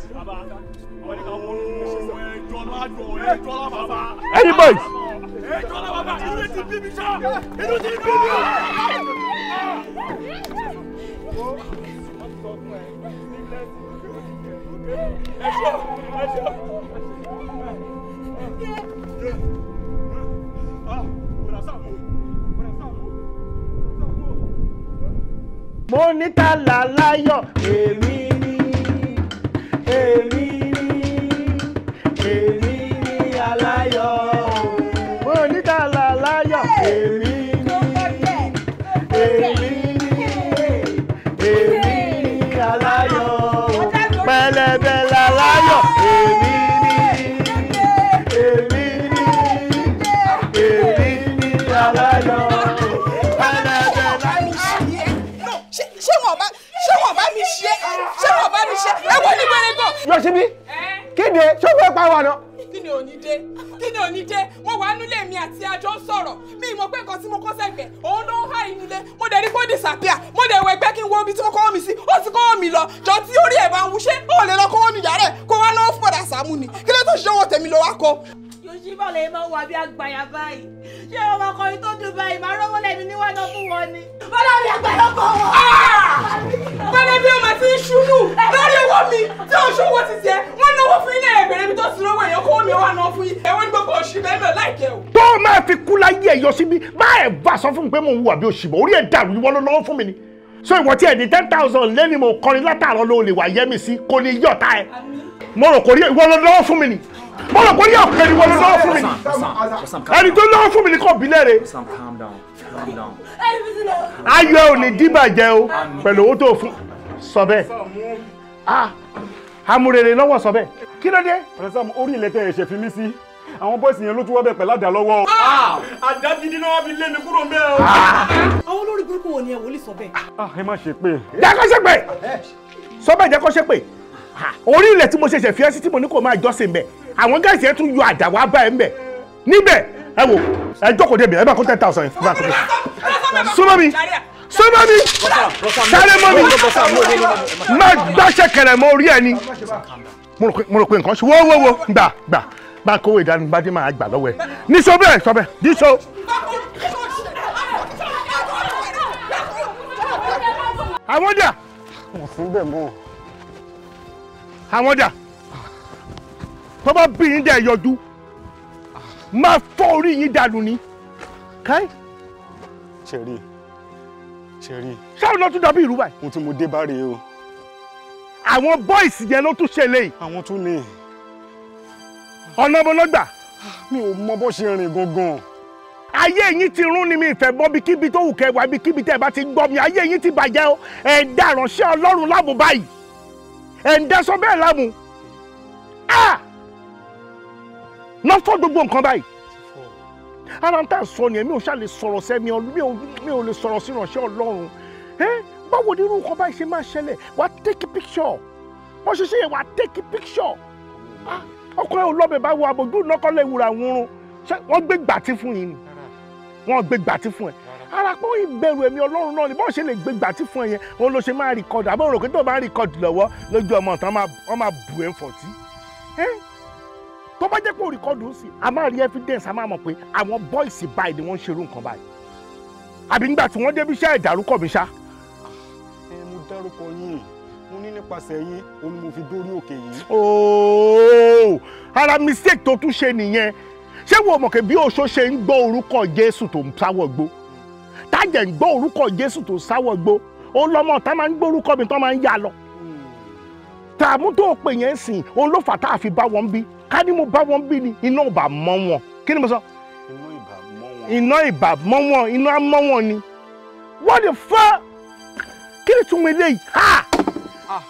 S3: ẹ̀yin boys ètò ọ̀la bàbá inú ti way. ìyá báyìí ṣé ọmọ ọkùnrin tó dùn báyìí máa rówó lẹ́nu níwájú fún wọn ni. ọlọ́run ẹgbẹ́ ló kọ́ wọn. Ah! pẹ́lẹ́ bí ọmọ ti ń ṣubú lórí owó mi tí oṣù wo ti jẹ wọ́n náwó fún ilé ẹ̀bẹ̀rẹ̀ mi tó sì rówó èèyàn kó mi wà náà fún yìí ẹ̀wọ́n ní gbogbo oṣù bẹ́ẹ̀ mi ò láìkẹ́ o.
S1: tó o máa fi kú láyé ẹ̀yọ síbí má ẹ̀ bá sọ fún mi pé mo wù àbí òṣìbọ̀ orí ẹ̀ dàrú ìwọ ló lọ́wọ́ fún mi ni so ìwọ tí ẹ ní ten thousand lẹ́ni mo kọrin látàárọ̀ ló lè wà yẹ́mi sí kò ní yọ̀ta ẹ mo rò kò rí ìwọ ló lọ́wọ́ fún mi ni mo rò pé ní ọ̀pẹ ni wọ́n lọ lọ́wọ́ fún
S3: mi
S1: ẹni tó lọ́wọ́ fún mi ní kò bílẹ̀ rẹ̀.
S3: ayọ̀ ò ní dìbàjẹ́ o
S1: pẹ̀lú owó tó fún sọ bẹ́ẹ̀ amúrèrè lọ́wọ́ sọ bẹ́ẹ̀ kí ló dé. pẹ̀lẹ́sàm orí ilẹ̀ tẹ̀ ẹ̀ṣẹ̀ fi mí sí àwọn bọ́ọ̀sì yẹn ló tún wọ́ bẹ̀ pẹ̀lú àdá lọ́wọ́.
S3: Ah! àdá gidi náà wọ́n fi lé mi kúrò ńbẹ̀ o. Ah! àwọn olórí burúkú wo ni ẹ wòlíì sọ bẹ́ẹ̀.
S1: Ah, ẹ má ṣe pé. jẹ́ kó ṣe pé sọ bẹ́ẹ̀ jẹ́ kó ṣe pé orí ilẹ̀ tí mo ṣẹ̀ṣẹ̀ fi ẹ́ sí tí mo ní kò máa jọ́sìn bẹ́ẹ̀ àwọn gáàsì ẹ tún yọ àdá wá bá ẹ ń bẹ̀ níbẹ̀ ẹ wò ẹ jókòó débi ẹ bá kó ten thousand yẹn bá tó bẹ̀. súnmọ́ mi súnmọ́ mi sáré mọ́ mi má gbàṣẹ kẹrẹ mọ́ orí ẹ ni mo rò pé nǹkan ṣe wọ́wọ́ wo gbà gbà bá kówó ìdánimọ̀ bá lọ́wọ́ ẹ ní sọ bẹ́ẹ̀ sọ bẹ́ẹ̀ àwọn dà. àwọn dà tó bá bí yín dẹ̀ yọjú máa fọ́ orí yín dànù ni. káì. ṣèrí ṣèrí. sáwọn náà tún dàbí ìlú báyìí. ohun tí mo dé bá rèé o. àwọn bọ́ìsì yẹn ló tún ṣẹlẹ̀ yìí. àwọn tún ní. ọ̀nà ọmọ náà gbà. mi ò mọ bó ṣe rìn gangan. ayé yín ti rún ni mi ìfẹ́ bọ́ bíkíbi tó wù kẹwàá bíkíbi tẹ́ ẹ bá ti gbọ́ mi ayé yín ti bàjẹ́ o ẹ̀ ń dà ránṣẹ́ ọlọ́run láàmú báyìí ẹ̀ ń dẹ́sọ bẹ́ẹ̀ láàmú. ah náà fọ́ gbogbo nǹkan báyìí ara ń tà sọ ni èmi ò ṣáà lè sọ̀rọ̀ sẹ́mi mi ò lè sọ̀rọ̀ sí ìrànṣẹ́ ọlọ́run báwo ni irú nǹkan báyìí ṣe máa ṣẹlẹ̀ wà á take picture wọ́n ṣe ṣe yẹn wà á take picture ọkùnrin ò lọ́bẹ̀ báwo àbójú nọ́kọ́lẹ̀ ìwúra wúrun wọ́n gbé gbàtí fún yín ni wọ́n gbé gbàtí fún ẹ̀ ara pé wọ́n ìbẹ̀rù ẹ̀mí ọlọ́run náà ni bọ́ọ̀ ṣe lè gbé gbàtí fún ẹ yẹn òun ló ṣe máa rìkọ́dù àbọ̀ òròkè tó máa rìkọ́dù lọ́wọ́ lójú ọmọ ọ̀tàn wọ́n máa bù ẹ́ fọ̀tí tó bá jẹ́ pé òrìkọ́dù ń sìn a máa rí evidence a máa mọ̀ pé àwọn bọ́ìsì báyìí ni wọ́n ń ṣerú nǹkan báyìí àbí nígbà tí wọ́n débi iṣẹ́ ìdárúkọ mi ṣá. ẹ mo dárúkọ yín mo ní nípasẹ̀ yín òun mo fi dórí òkè yìí. ooo ara mistake tó tún ṣe nìyẹn ṣé wo mọ̀ pé bí oṣó ṣe ń gbọ́ orúkọ Jésù tó ń sáwọ́ gbó tájẹ̀ ń gbọ́ orúkọ Jésù tó sáwọ́ gbó ó lọ́mọ tá máa ń gbórúkọ mi tó máa ń yá lọ hmm. tààmú tó pè yẹn sìn òun tá a fi bá wọn bí ká ní mo bá wọn bí ni iná ìbà mọ́ wọn kí ni mo sọ. iná ìbà mọ́ wọn iná mọ́ wọn ni what the fuck kí ni túmọ̀ eléyìí ha ah!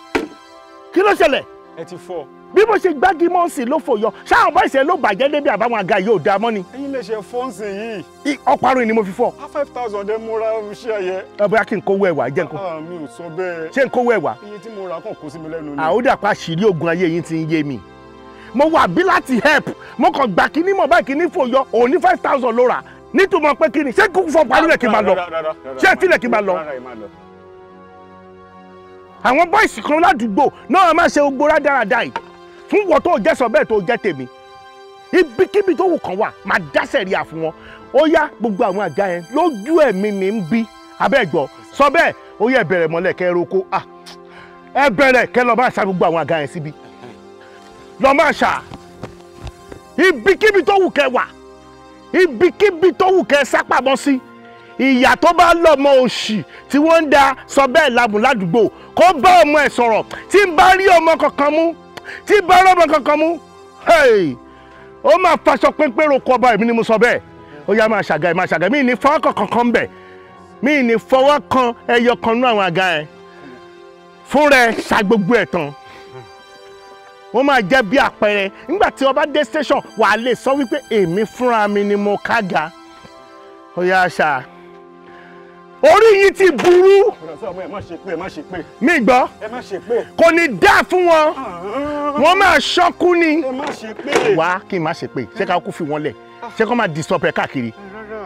S1: kí ló ṣẹlẹ̀. ẹ ti fọ. bí mo ṣe gbági mọ́ọ̀sì ló fò yọ ṣáà ọ̀bọ̀ ìṣẹ́ ló bàjẹ́ débi àbáwọn àga yóò da mọ́ ni. ẹ̀yin lè ṣe fọ́ǹsì yìí. ọparun ni mo fi fọ. a five thousand ẹ mo ra iṣẹ́ yẹ. ẹ bóyá kí n kówó ẹwà jẹ́ nǹkan. Ah, mi ò sọ bẹ́ẹ̀. ṣé n kówó ẹwà. iye tí mo ra kàn kó sí mi lẹ́nu ni. àódàpá àṣírí oògùn ayé yín ti ń yé mi mo wà bí láti help mo kàn gbà kíní mọ̀ báyìí kíní fò yọ òun ní five thousand ló rà nítumọ̀ pé kíni ṣé kúkú fọ parí rẹ̀ kí n máa lọ ṣé ẹ tilẹ̀ kí n máa lọ. àwọn bọ́ìsì kan ládùúgbò náà máa ṣe gbogbo rádaràda yìí fún wọ́n tó jẹ́ sọ bẹ́ẹ̀ tó jẹ́ tèmi ibikíbi tó wù kàn wà máa dáṣẹ̀ rí àfún wọn ó yá gbogbo àwọn àga yẹn lójú ẹ̀mí mi ń bí abẹ́gbọ́ sọ bẹ́ẹ̀ ó yẹ bẹ̀rẹ̀ mọ́lẹ̀ kẹ́ ẹ roko ah, ẹ kẹ́ lọ́ọ́ máa ṣá àwọn àga yẹn síbi lọ máa ṣà ibikíbi tó wù kẹ́ wà ibikíbi tó wù kẹ́ sápamọ́ sí ìyá tó bá lọ́mọ òṣì tí wọ́n ń da sọ bẹ́ẹ̀ labùn ládùúgbò kó bá ọmọ ẹ̀ sọ̀rọ̀ tí ń bá rí ọmọ kankan mú tí ń bá rí ọmọ kankan mú ó máa faṣọ pínpín roko ọba èmi ni mo sọ bẹ́ẹ̀ ó yá máa ṣàgà ẹ̀ máa ṣàgà ẹ̀ ní fọwọ́ kan kankan bẹ̀ ní fọwọ́ kan ẹyọ kan nú àwọn àga ẹ̀ fúnra ẹ̀ ṣàgbogbo ẹ̀ tán wọ́n máa jẹ́ bí àpẹẹrẹ nígbà tí o bá dé station wà á lè sọ wípé èmi fúnra mi ni mo kága ó yá ṣá orí yìí ti burú mi gbọ́ kò ní dá fún wọn wọ́n máa ṣọ́kú ni wá kí n má ṣe pé ṣé ká kú fi wọn lẹ̀ ṣé kó máa disturb káàkiri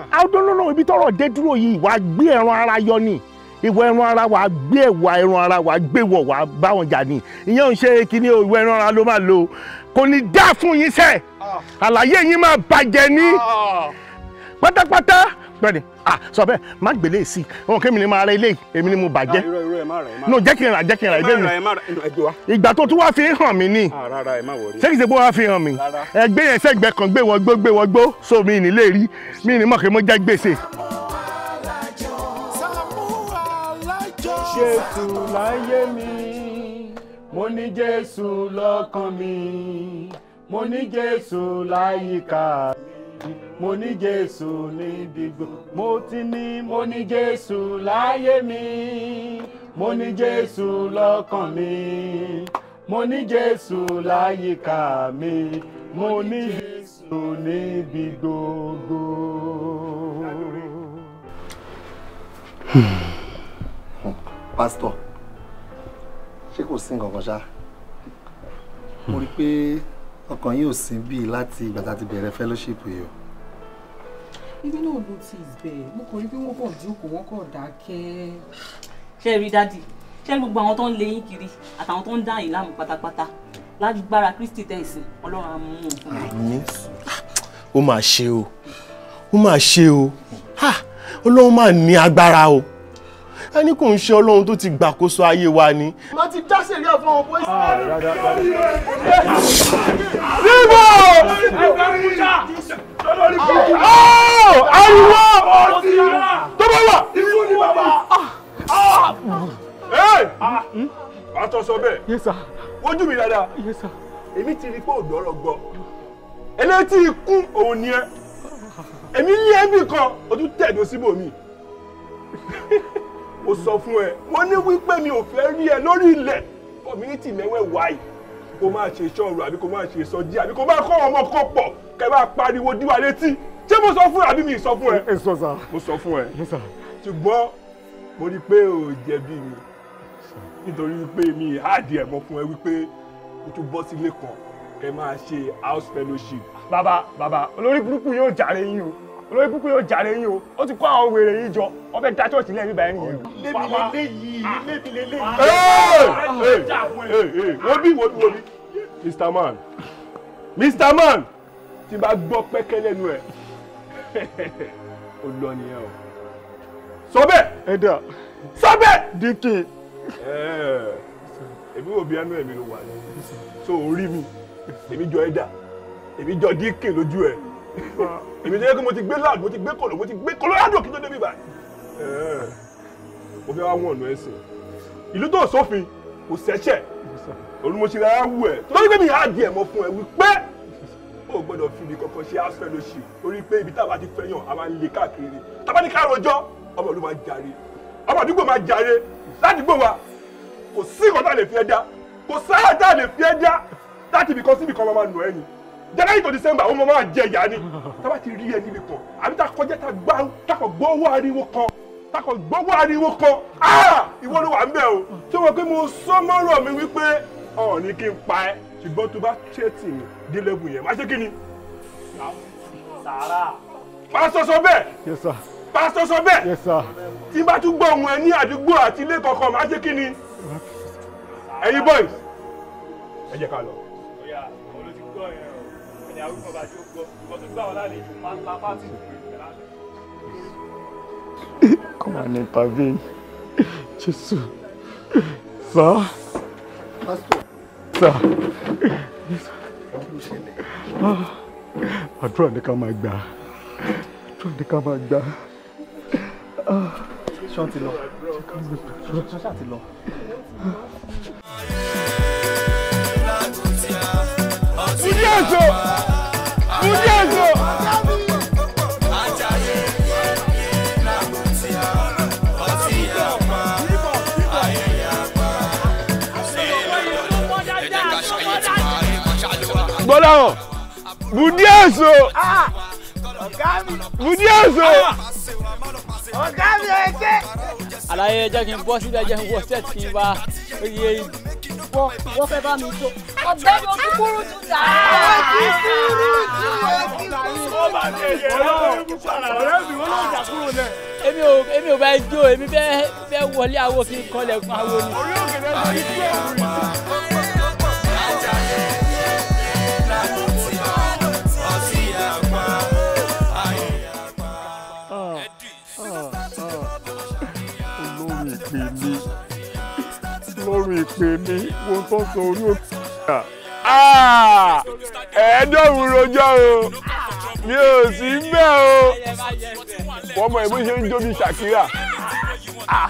S1: àwọn ọdún lọ́nà ibi tọ́rọ̀ dé dúró yìí wàá gbé ẹran ara yọ ni ìwọ ẹran ara wàá gbé ẹwà ẹran ara wàá gbé wọ̀ wàá bá jà ní ìyẹn ò ṣe kíní ìwọ ẹran ara ló máa lò kò ní dá fún yín sẹ́ àlàyé yín máa bàjẹ́ ní pátápátá pẹ̀lẹ́ ah sọ bẹ́ẹ̀ má gbélé sí i wọn kí ni máa ra ilé èmi ni mo bàjẹ́ no jẹ́ kí n rà jẹ́ kí n rà ibẹ̀ mi ìgbà tó tún wá fi hàn mí ni ṣé kìí ṣe fi hàn mí ẹgbẹ́ yẹn sẹ́gbẹ́ kan gbé wọ́n gbó gbé wọ́n gbó so mi ní lè rí mi ní mọ̀ kí mo jẹ́ gbèsè.
S3: jésù láyé
S1: mi mo ní jésù lọ́kàn mi mo ní jésù láyìíká mi mo ní jésù níbi gbogbo mo ti ní mo ní jésù láyé mi mo ní jésù lọ́kàn mi mo ní jésù láyìíká mi mo ní jésù níbi gbogbo. Hmm pastor, ṣé kò sí nǹkan kan ṣá mo rí i pé ọkàn yìí ò sí bíi láti ìgbà tá a ti bẹ̀rẹ̀ fellowship yìí o.
S3: ibi náà ló ti bẹ̀ mo kàn rí bí wọ́n kàn jókòó wọ́n kàn dákẹ́. ṣé ẹ rí dádì ṣé gbogbo àwọn tó ń lé yín kiri àtàwọn tó ń dá yín láàmú pátápátá lágbára kristi tẹ̀sí ọlọ́run á mú
S1: un fún ó mà ṣe o ó mà ṣe o ọlọ́run mà ní agbára o a ní kò ń ṣe ọlọ́run tó ti gbàkóso ayé wa ni. má ti dá sẹ̀rí àfọ àwọn bóyá. bíbọ̀ ariwo tó bá wà. ìfún ni bàbá. Ah! Ah, hmm? àtọ̀ sọ bẹ́ẹ̀. yes sir. ojú mi dáadáa. yes sir. èmi ti rí pé òdò ọ̀rọ̀ gbọ́ elétí ikú òun ni ẹ èmi ní ẹbí kan o tún tẹ̀dọ̀ síbòmí. mo sọ fún ẹ mo ní wípé mi ò fẹ́ rí ẹ lórí ilẹ̀ community mẹ́wẹ̀ẹ̀wá yìí kó máa ṣe ṣọ́ọ̀rù àbí kó máa ṣe sọjí àbí kó máa kọ́ ọmọ kó pọ̀ kẹ́ bá pariwo díwá létí ṣé mo sọ fún ẹ àbí mi sọ fún ẹ. ẹ sọ sá mo sọ fún ẹ ṣùgbọ́n mo rí i pé ò jẹ̀bi mi nítorí wípé mi àdìẹ mọ fún ẹ wípé o tún bọ́ sílé kan kẹ́ máa ṣe house fellowship. bàbá bàbá olórí burúkú yóò jàre yín o olórí kúkú yóò jàre yín o ó ti kó àwọn wèrè yín jọ wọ́n fẹ́ dá chọ́ọ̀tì lẹ́yìn báyìí nìyẹn. lébi lélẹ́yìí lébi lélẹ́yìí. wobi ah. wobi wobi Mr. Man Mr. Man tí bá gbọ́ pẹ́kẹ́ lẹ́nu ẹ̀ ó lọ nìyẹn o. sọ bẹ́ẹ̀. ẹ dà. sọ bẹ́ẹ̀. díkì. Eh! èmi ò bí ẹnu ẹ̀mí ló wà ní so orí mi èmi jọ ẹ dà èmi jọ díkì lójú ẹ. Ah èmi tó yẹ kí mo ti gbé láàdù mo ti gbé kòló mo ti gbé kòló ládùn kí n tó débi báyìí. mo fẹ́ wá wọ̀n ọ̀nà ẹ̀sìn ìlú tó sófin kò sẹ́sẹ̀ olùmọ̀síra á wù ẹ̀ torí pé mi á di ẹ̀mọ́ fún ẹ wípé o gbọ́dọ̀ fi ibi kankan ṣe aṣọ ẹlòṣì torí pé ibi táwa ti fẹ́yàn a máa ń le káàkiri táwa ní kárọ̀jọ́ ọmọ ìlú máa jàre ọmọ àdúgbò máa jàre ládùúgbò wa kò sí ìkọ́tà lè fi ẹ dá kò sáà dá lè fi ẹ dá láti ibìkan sí ibìkan máa máa nù ẹ́ ni January to December àwọn ọmọ máa jẹ ìyá ni tábà ti rí ẹni bìkan àbí tá a kọjá tá a gbá tá a gbówó ariwo kan tá a gbówó ariwo kan ah! ìwọ ló wà ń bẹ̀ o tó wọ pé mo sọ mọ́rọ̀ mi wípé ọ̀ ní kí n pa ẹ́ ṣùgbọ́n tó bá tẹ̀tì mi dé lẹ́bù yẹn má ṣe kí ni. pásítọ̀ sọ bẹ́ẹ̀ pásítọ̀ sọ bẹ́ẹ̀ tí bá tún gbọ́ ohun ẹ ní àdúgbò àti ilé kọ̀ọ̀kan má ṣe kí ni. ẹ̀yin boys ẹ jẹ́ ká lọ ni arúgbó bá jó gbọ́ ìbọn tó gbà wọn lálejò máa ń la pátì ìlú ìpè lálẹ́. Come on, intervene. Jésù. Sir. Pastor. Sir. Àdúrà ni ká máa gbà. Àdúrà ni ká máa gbà. Ṣé wọ́n ti lọ? Ṣé wọ́n ti lọ?
S3: èso mú dé èso.
S1: gbọ́dọ̀ mú dé èso. mú dé
S3: n bọ́ sílẹ̀ jẹ́ kí n wọ sẹ́ẹ̀tì kí n bá oyè wọ bá mi tó ọ̀gbẹ́ni ojúkúrú ju tààrà. ojúkúrú ju ojúkúrú ju. èmi ò èmi ò bá jó èmi fẹ́ fẹ́ wọlé awo kí n kọlẹ̀ awo ni. orí òkè lẹ́sẹ̀ yìí tí
S2: ò
S1: lórí ìpè mi wo tó sọ orí òkè ìyá ẹ̀ẹ́dọ́rùn rojọ́ o mi ò sí bẹ́ẹ̀
S3: o wọ́n mọ ìbí ń
S1: jó bí Shakira. Ah!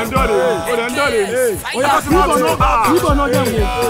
S1: dẹ̀ ń dọ̀lẹ̀ o dẹ̀ ń dọ̀lẹ̀ o yà kíbọ̀ náà kíbọ̀ náà jẹ̀ wò.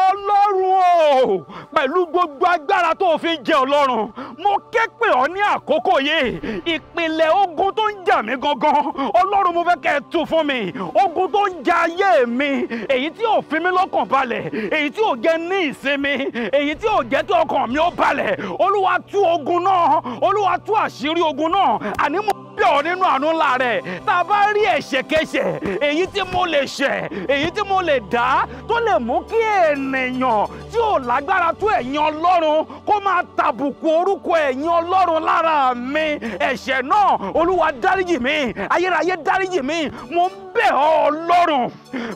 S1: ọlọ́run o pẹ̀lú gbogbo agbára tó fi jẹ ọlọ́run mo ké pè ọ́ ní àkókò yìí ìpìlẹ̀ ogun tó ń jà mí gangan ọlọ́run mo fẹ́ kẹ́ ẹ tú fún mi ogun tó ń ja ayé mi èyí tí ò fi mí lọ́kàn balẹ̀ èyí tí ò jẹ́ ní ìsinmi èyí tí ò jẹ́ tí ọkàn mi ó balẹ̀ olúwa tú ogun náà olúwa tú àṣírí ogun náà àní mo bẹ̀ ọ́ nínú àánú ńlá rẹ̀ tá a bá rí ẹ̀ṣẹ̀kẹ́ṣẹ̀ èyí tí mo lè ṣẹ̀ èyí tí mo lè dá tó lè mú kí ènìyàn tí ò lágbára tó ẹ̀yin ọlọ́run kó máa tàbùkù orúkọ ẹ̀yin ọlọ́run lára mi ẹ̀ṣẹ̀ náà olúwa dáríjì mi ayérayé dáríjì mi mo ń bẹ̀ ọ́ ọlọ́run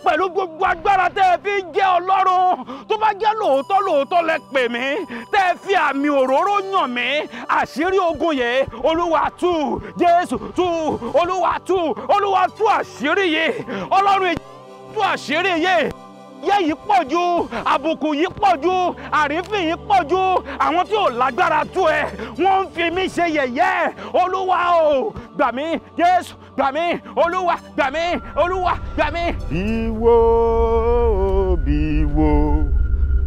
S1: pẹ̀lú gbogbo agbára tẹ́ ẹ fi ń jẹ́ ọlọ́run tó bá jẹ́ lóòótọ́ lóòótọ́ lẹ pè mí tẹ́ ẹ fi àmì òróró yàn mí àṣírí ogun yìí olúwa tú jésù tú olúwa tú olúwa tú àṣírí yìí ọlọ́run tú àṣírí yìí ìbàjẹ́ yìí pọ̀ jù àbùkù yìí pọ̀ jù àrífín yìí pọ̀ jù àwọn tí ò lágbára tó ẹ wọ́n ń fi mí ṣe yẹ̀yẹ́ olúwa o gbà mí jésù gbà mí olúwa gbà mí olúwa gbà mí. bíwo bíwo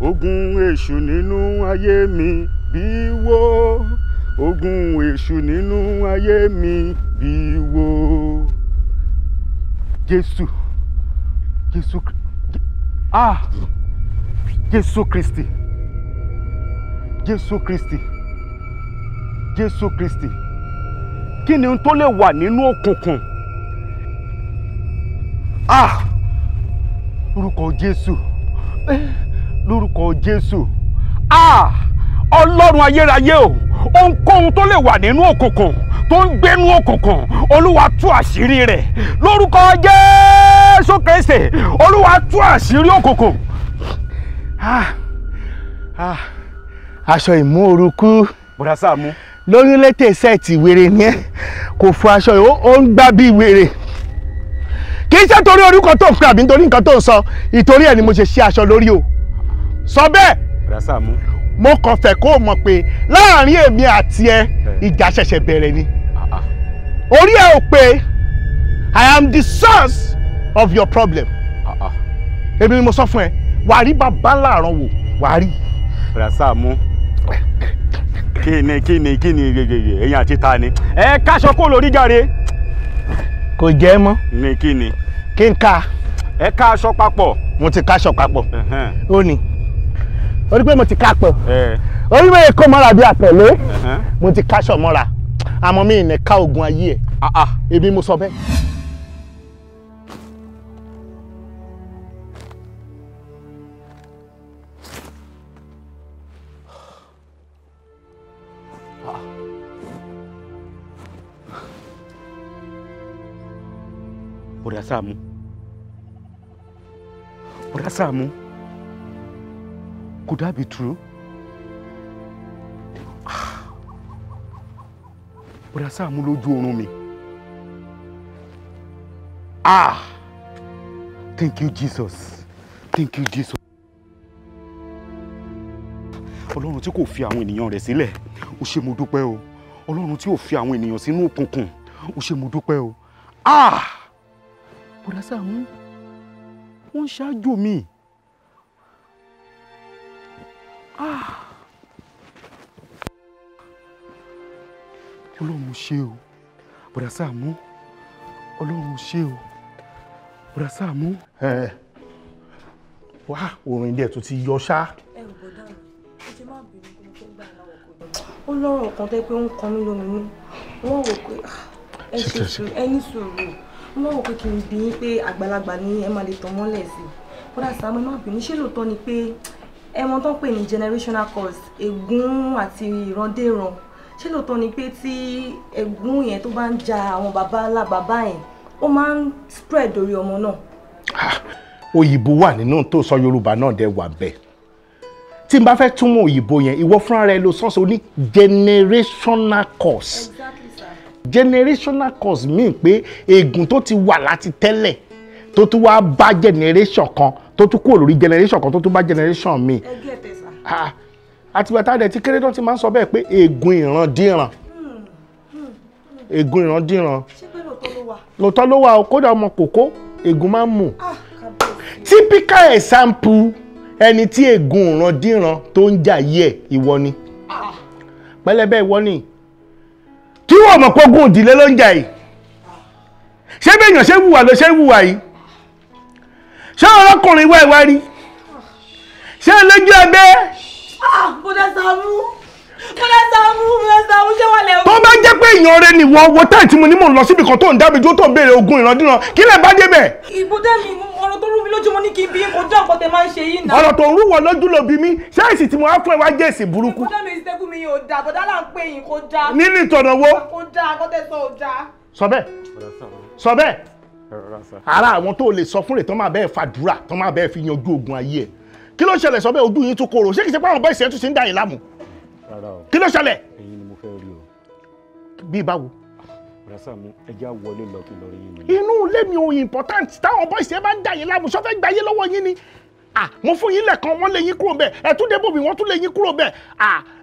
S1: ogun èṣù nínú ayé mi bíwo ogun èṣù nínú ayé mi bíwo jésù jésù kristu ah jésù kristi jésù kristi jésù kristi kí ni tó lè wà nínú òkùnkùn ah lórúkọ jésù lórúkọ jésù ah ọlọ́run ayérayé o ohunkóhun tó lè wà nínú òkùnkùn tó ń gbénú òkùnkùn olúwa tú àṣírí rẹ̀ lórúkọ jésù. Jésù Kristi olúwa tú àṣírí òkùnkùn. Ah, ah, aṣọ ìmúorúkú lórílẹ̀tẹ̀ sẹ́ẹ̀tì wèrè ni ẹ kò fọ aṣọ yìí ó ń gbá bí wèrè kì í ṣe torí orúkọ tó ń pè àbí nítorí nǹkan tó ń sọ ìtorí ẹ ni mo ṣe ṣe aṣọ lórí o sọ bẹ́ẹ̀ mo kàn fẹ́ kó o mọ̀ pé láàrin èmi àti ẹ ìjà ṣẹ̀ṣẹ̀ bẹ̀rẹ̀ ni ah, orí ẹ ò pé I am the source of your problem. Ah, ah. èmi ni mo sọ fún ẹ wàá rí bàbá láàrán wò wàá rí. rasa mu kí ni kí ni ni gègègè èyàn àti ta ni. ẹ káṣọ kó lórí jàre. kò jẹ́ mọ́. ni kí kí n ka. ẹ ká aṣọ papọ̀. mo ti káṣọ papọ̀. ó ní orí pé mo ti ká pọ̀ orí pé kó mọ́ra bí àtẹ̀lé mo ti káṣọ mọ́ra àmọ́ mi ì ní ká oògùn ayé ẹ̀ ebi ah, mo sọ bẹ́ẹ̀. Bọ̀dá Sàámú Bọ̀dá Sàámú could that be true? Ah. Bọ̀dá Sàámú lójú oorun mi ah thank you Jesus thank you Jesus. Ọlọ́run tí kò fi àwọn ènìyàn rẹ̀ sílẹ̀ ó ṣe mo dúpẹ́ o Ọlọ́run tí ò fi àwọn ènìyàn sínú òkùnkùn ó ṣe mo dúpẹ́ o ah kùràsà wọn wọn ń ṣáájú mi. Ah. ọlọ́run ṣe o kùràsà mú ọlọ́run ṣe o kùràsà mú. wá orin díẹ̀ tó ti yọ ṣá. ẹ ò gbọ́dọ̀ ẹ jẹ́ má bínú kí mo tó gbà láwọ̀
S3: kó. ó lọ́rọ̀ kan tẹ́ pé ń kọ mí lóminú wọ́n rò pé ah, ẹ ṣe sùúrù ẹ ní sùúrù mo máa pé kí n bí yín pé àgbàlagbà ni ẹ máa lè tàn mọ́lẹ̀ sí kódà Sàámú ẹ má bínú ṣé lóòótọ́ ni pé
S2: ẹmọ tó ń pè ní generational curse ègún àti ìrandéran ṣé lóòótọ́ ni pé tí ègún yẹn tó bá ń ja àwọn bàbá ńlá bàbá yẹn ó máa ń spread orí ọmọ náà.
S1: Ah, òyìnbó wà nínú tó sọ yorùbá náà dẹ wà bẹ́ẹ̀ tí n bá fẹ́ túmọ̀ òyìnbó yẹn ìwọ fúnra rẹ ló sọ́ọ̀sì oní generational curse generational cause mean pé ègún tó ti wà láti tẹ́lẹ̀ tó tún wá bá generation kan tó tún kúrò lórí generation kan tó tún bá generation míì. ẹ gé ẹ̀tẹ̀ sá. àtìgbà ti kéré náà ti máa ń sọ bẹ́ẹ̀ pé ègún ìrandíran ègún ìrandíran. ṣé
S3: pé lóòótọ́ ló wà.
S1: lóòótọ́ ló wà o kódà ọmọ kòkó ègún máa ń mú. Ah, typical example ẹni tí ègún ìrandíran tó ń jà yẹ ìwọ ni ah. pẹlẹbẹ ìwọ ni. Ah, tí wọ́n mọ̀ pógun òdìlé ló ń jà yìí ṣé bẹ́ẹ̀yàn ṣe wùwà ló ṣe wùwà yìí ṣé ọlọ́kùnrin wá ìwárí ṣé
S3: ẹlẹ́jọ́ ẹgbẹ́. bọ́dá ah, Sàámú tó bá jẹ́
S1: pé èèyàn rẹ nìwọ wo táì tí mo ní mò ń lọ síbi kan tó ń dá mi dúró tó ń béèrè ogun ìrandíran kí lè bá débẹ̀.
S3: ìbúdá mi ọ̀rọ̀ tó rú mi lójú mo ní kí n bí ojú àpò tẹ máa ń ṣe yìí náà. ọ̀rọ̀ tó rú wọ lójú
S1: ló bí mi ṣé èsì tí mo wá fún ẹ wá jẹ́ èsì burúkú. ìbúdá
S3: mi ìṣẹ́gun mi yóò dà bọ̀dá là ń pè yín kó dá. nínú ìtọ̀nà wo. kó dá akọ́tẹ́sọ ò dá.
S1: sọ bẹ́ẹ̀ sọ bẹ́ẹ̀ ara àwọn tó lè sọ fún rẹ̀ tó máa bẹ́ẹ̀ fàdúrà tó máa bẹ́ẹ̀ fi yanjú ogun ayé ẹ̀ kí ló ṣẹlẹ̀ sọ bẹ́ẹ̀ ojú yín tún korò ṣé kìí ṣe pé àwọn bẹ́ẹ̀ ṣe tún ti ń dà yín láàmú rárá o kí ló ṣẹlẹ̀. ẹ̀yin ni mo fẹ́ rí o. bí báwo. rasa mu ẹja wọlé lọ kí lọ rí yín nílé. inú ilé mi ò important táwọn boys ẹ máa ń dà yín láàmú sọfẹ gbà yín lọ́wọ́ yín ni mo fún yín lẹ́ẹ̀kan wọ́n lé yín kúrò bẹ́ẹ̀ ẹ tún débò mi wọ́n tún lé yín kúrò bẹ́ẹ̀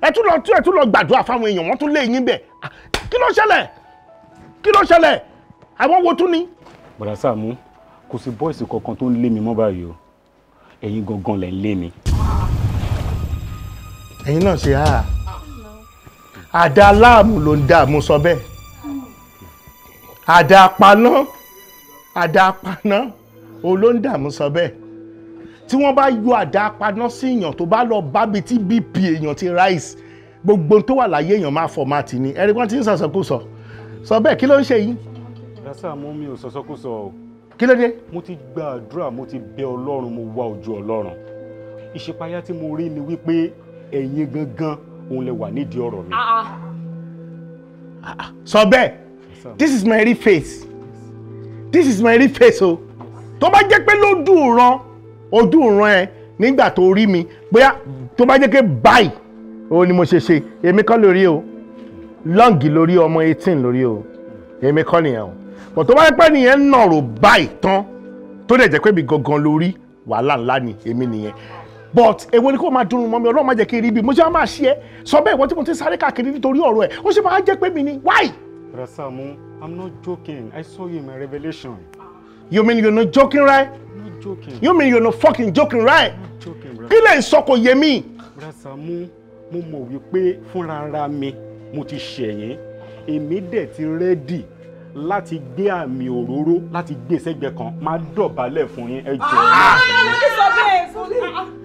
S1: ẹ tún lọ tún ẹ tún lọ gbàdúrà fáwọn èèyàn wọ́n tún lé yín bẹ́ẹ̀ kí ló ṣẹlẹ̀ kí ló ṣẹlẹ̀ àwọn wo tún ni. bọ̀dà Sàámú kò sí bọ́ìsì kankan tó ń lé mi mọ́ báyìí o ẹ̀yin gangan lẹ̀ ń lé mi ẹ̀yin náà ṣe háà ah. àdá láàmù ló ń dààmú sọ bẹ́ẹ̀ àdá paná àdá paná òun ló ń dààmú sọ bẹ́ẹ̀ tí wọ́n bá yọ àdá paná sí èèyàn tó bá lọ bábi tí bp èèyàn ti rise gbogbo tó wà láyé èèyàn máa fọ̀mátì ni ẹ̀rí wọ́n ti ń sọ̀sọ̀kùsọ̀ sọ bẹ́ẹ̀ kí ló ń ṣe yín. rasa mo mi ò sọ̀sọ̀kùsọ̀ o. kí ló dé. mo ti gba mo ti bẹ ọlọ́run mo wá ojú ọlọ́run ìṣípayá tí mo rí ni wípé ẹ̀yin gangan òun lè wà nídìí ọ̀rọ̀ mi. Ah, ah. Ah, sọ bẹ́ẹ̀ this is my real face this is my real face o tó bá jẹ́ pé lójú ìran ojú ìran ẹ nígbà tó rí mi bóyá tó bá jẹ́ pé báyìí o ni mo ṣe ṣe èmi kọ́ lórí o lọ́ǹgì lórí ọmọ eighteen lórí o èmi kọ́ nìyẹn o bọ̀ tó bá jẹ́ pé nìyẹn nọ̀rọ̀ báyìí tán tó dẹ̀ jẹ́ pé mi gangan lórí wàhálà ńlá ni èmi nìyẹn but èwo ni kò máa dùnnú mọ́ mi ọlọ́run máa jẹ́ kí n rí ibi mo ṣe máa ṣe é sọ bẹ́ẹ̀ ìwọ tí mo ti sáré káàkiri nítorí ọ̀rọ̀ ẹ̀ ó ṣe máa jẹ́ pé mi ni why. Rasamu, I'm not joking. I saw you in my revelation. You mean you're not joking, right? I'm not joking. You mean you're not fucking joking, right? I'm not joking, bro. Kí lẹ̀ ń sọ kò yé mi? Rasamu, mo mọ̀ wípé fúnra mi mo ti ṣẹ̀yìn. Èmi dẹ̀ ti rẹ́dì láti gbé àmì òróró láti gbé sẹ́gbẹ̀ẹ́ kan. Máa dọ̀bálẹ̀ fún yín, ẹ jọ̀ọ́. Ààrẹ
S3: ah! ló ti sọ bẹ́ẹ̀ fún mi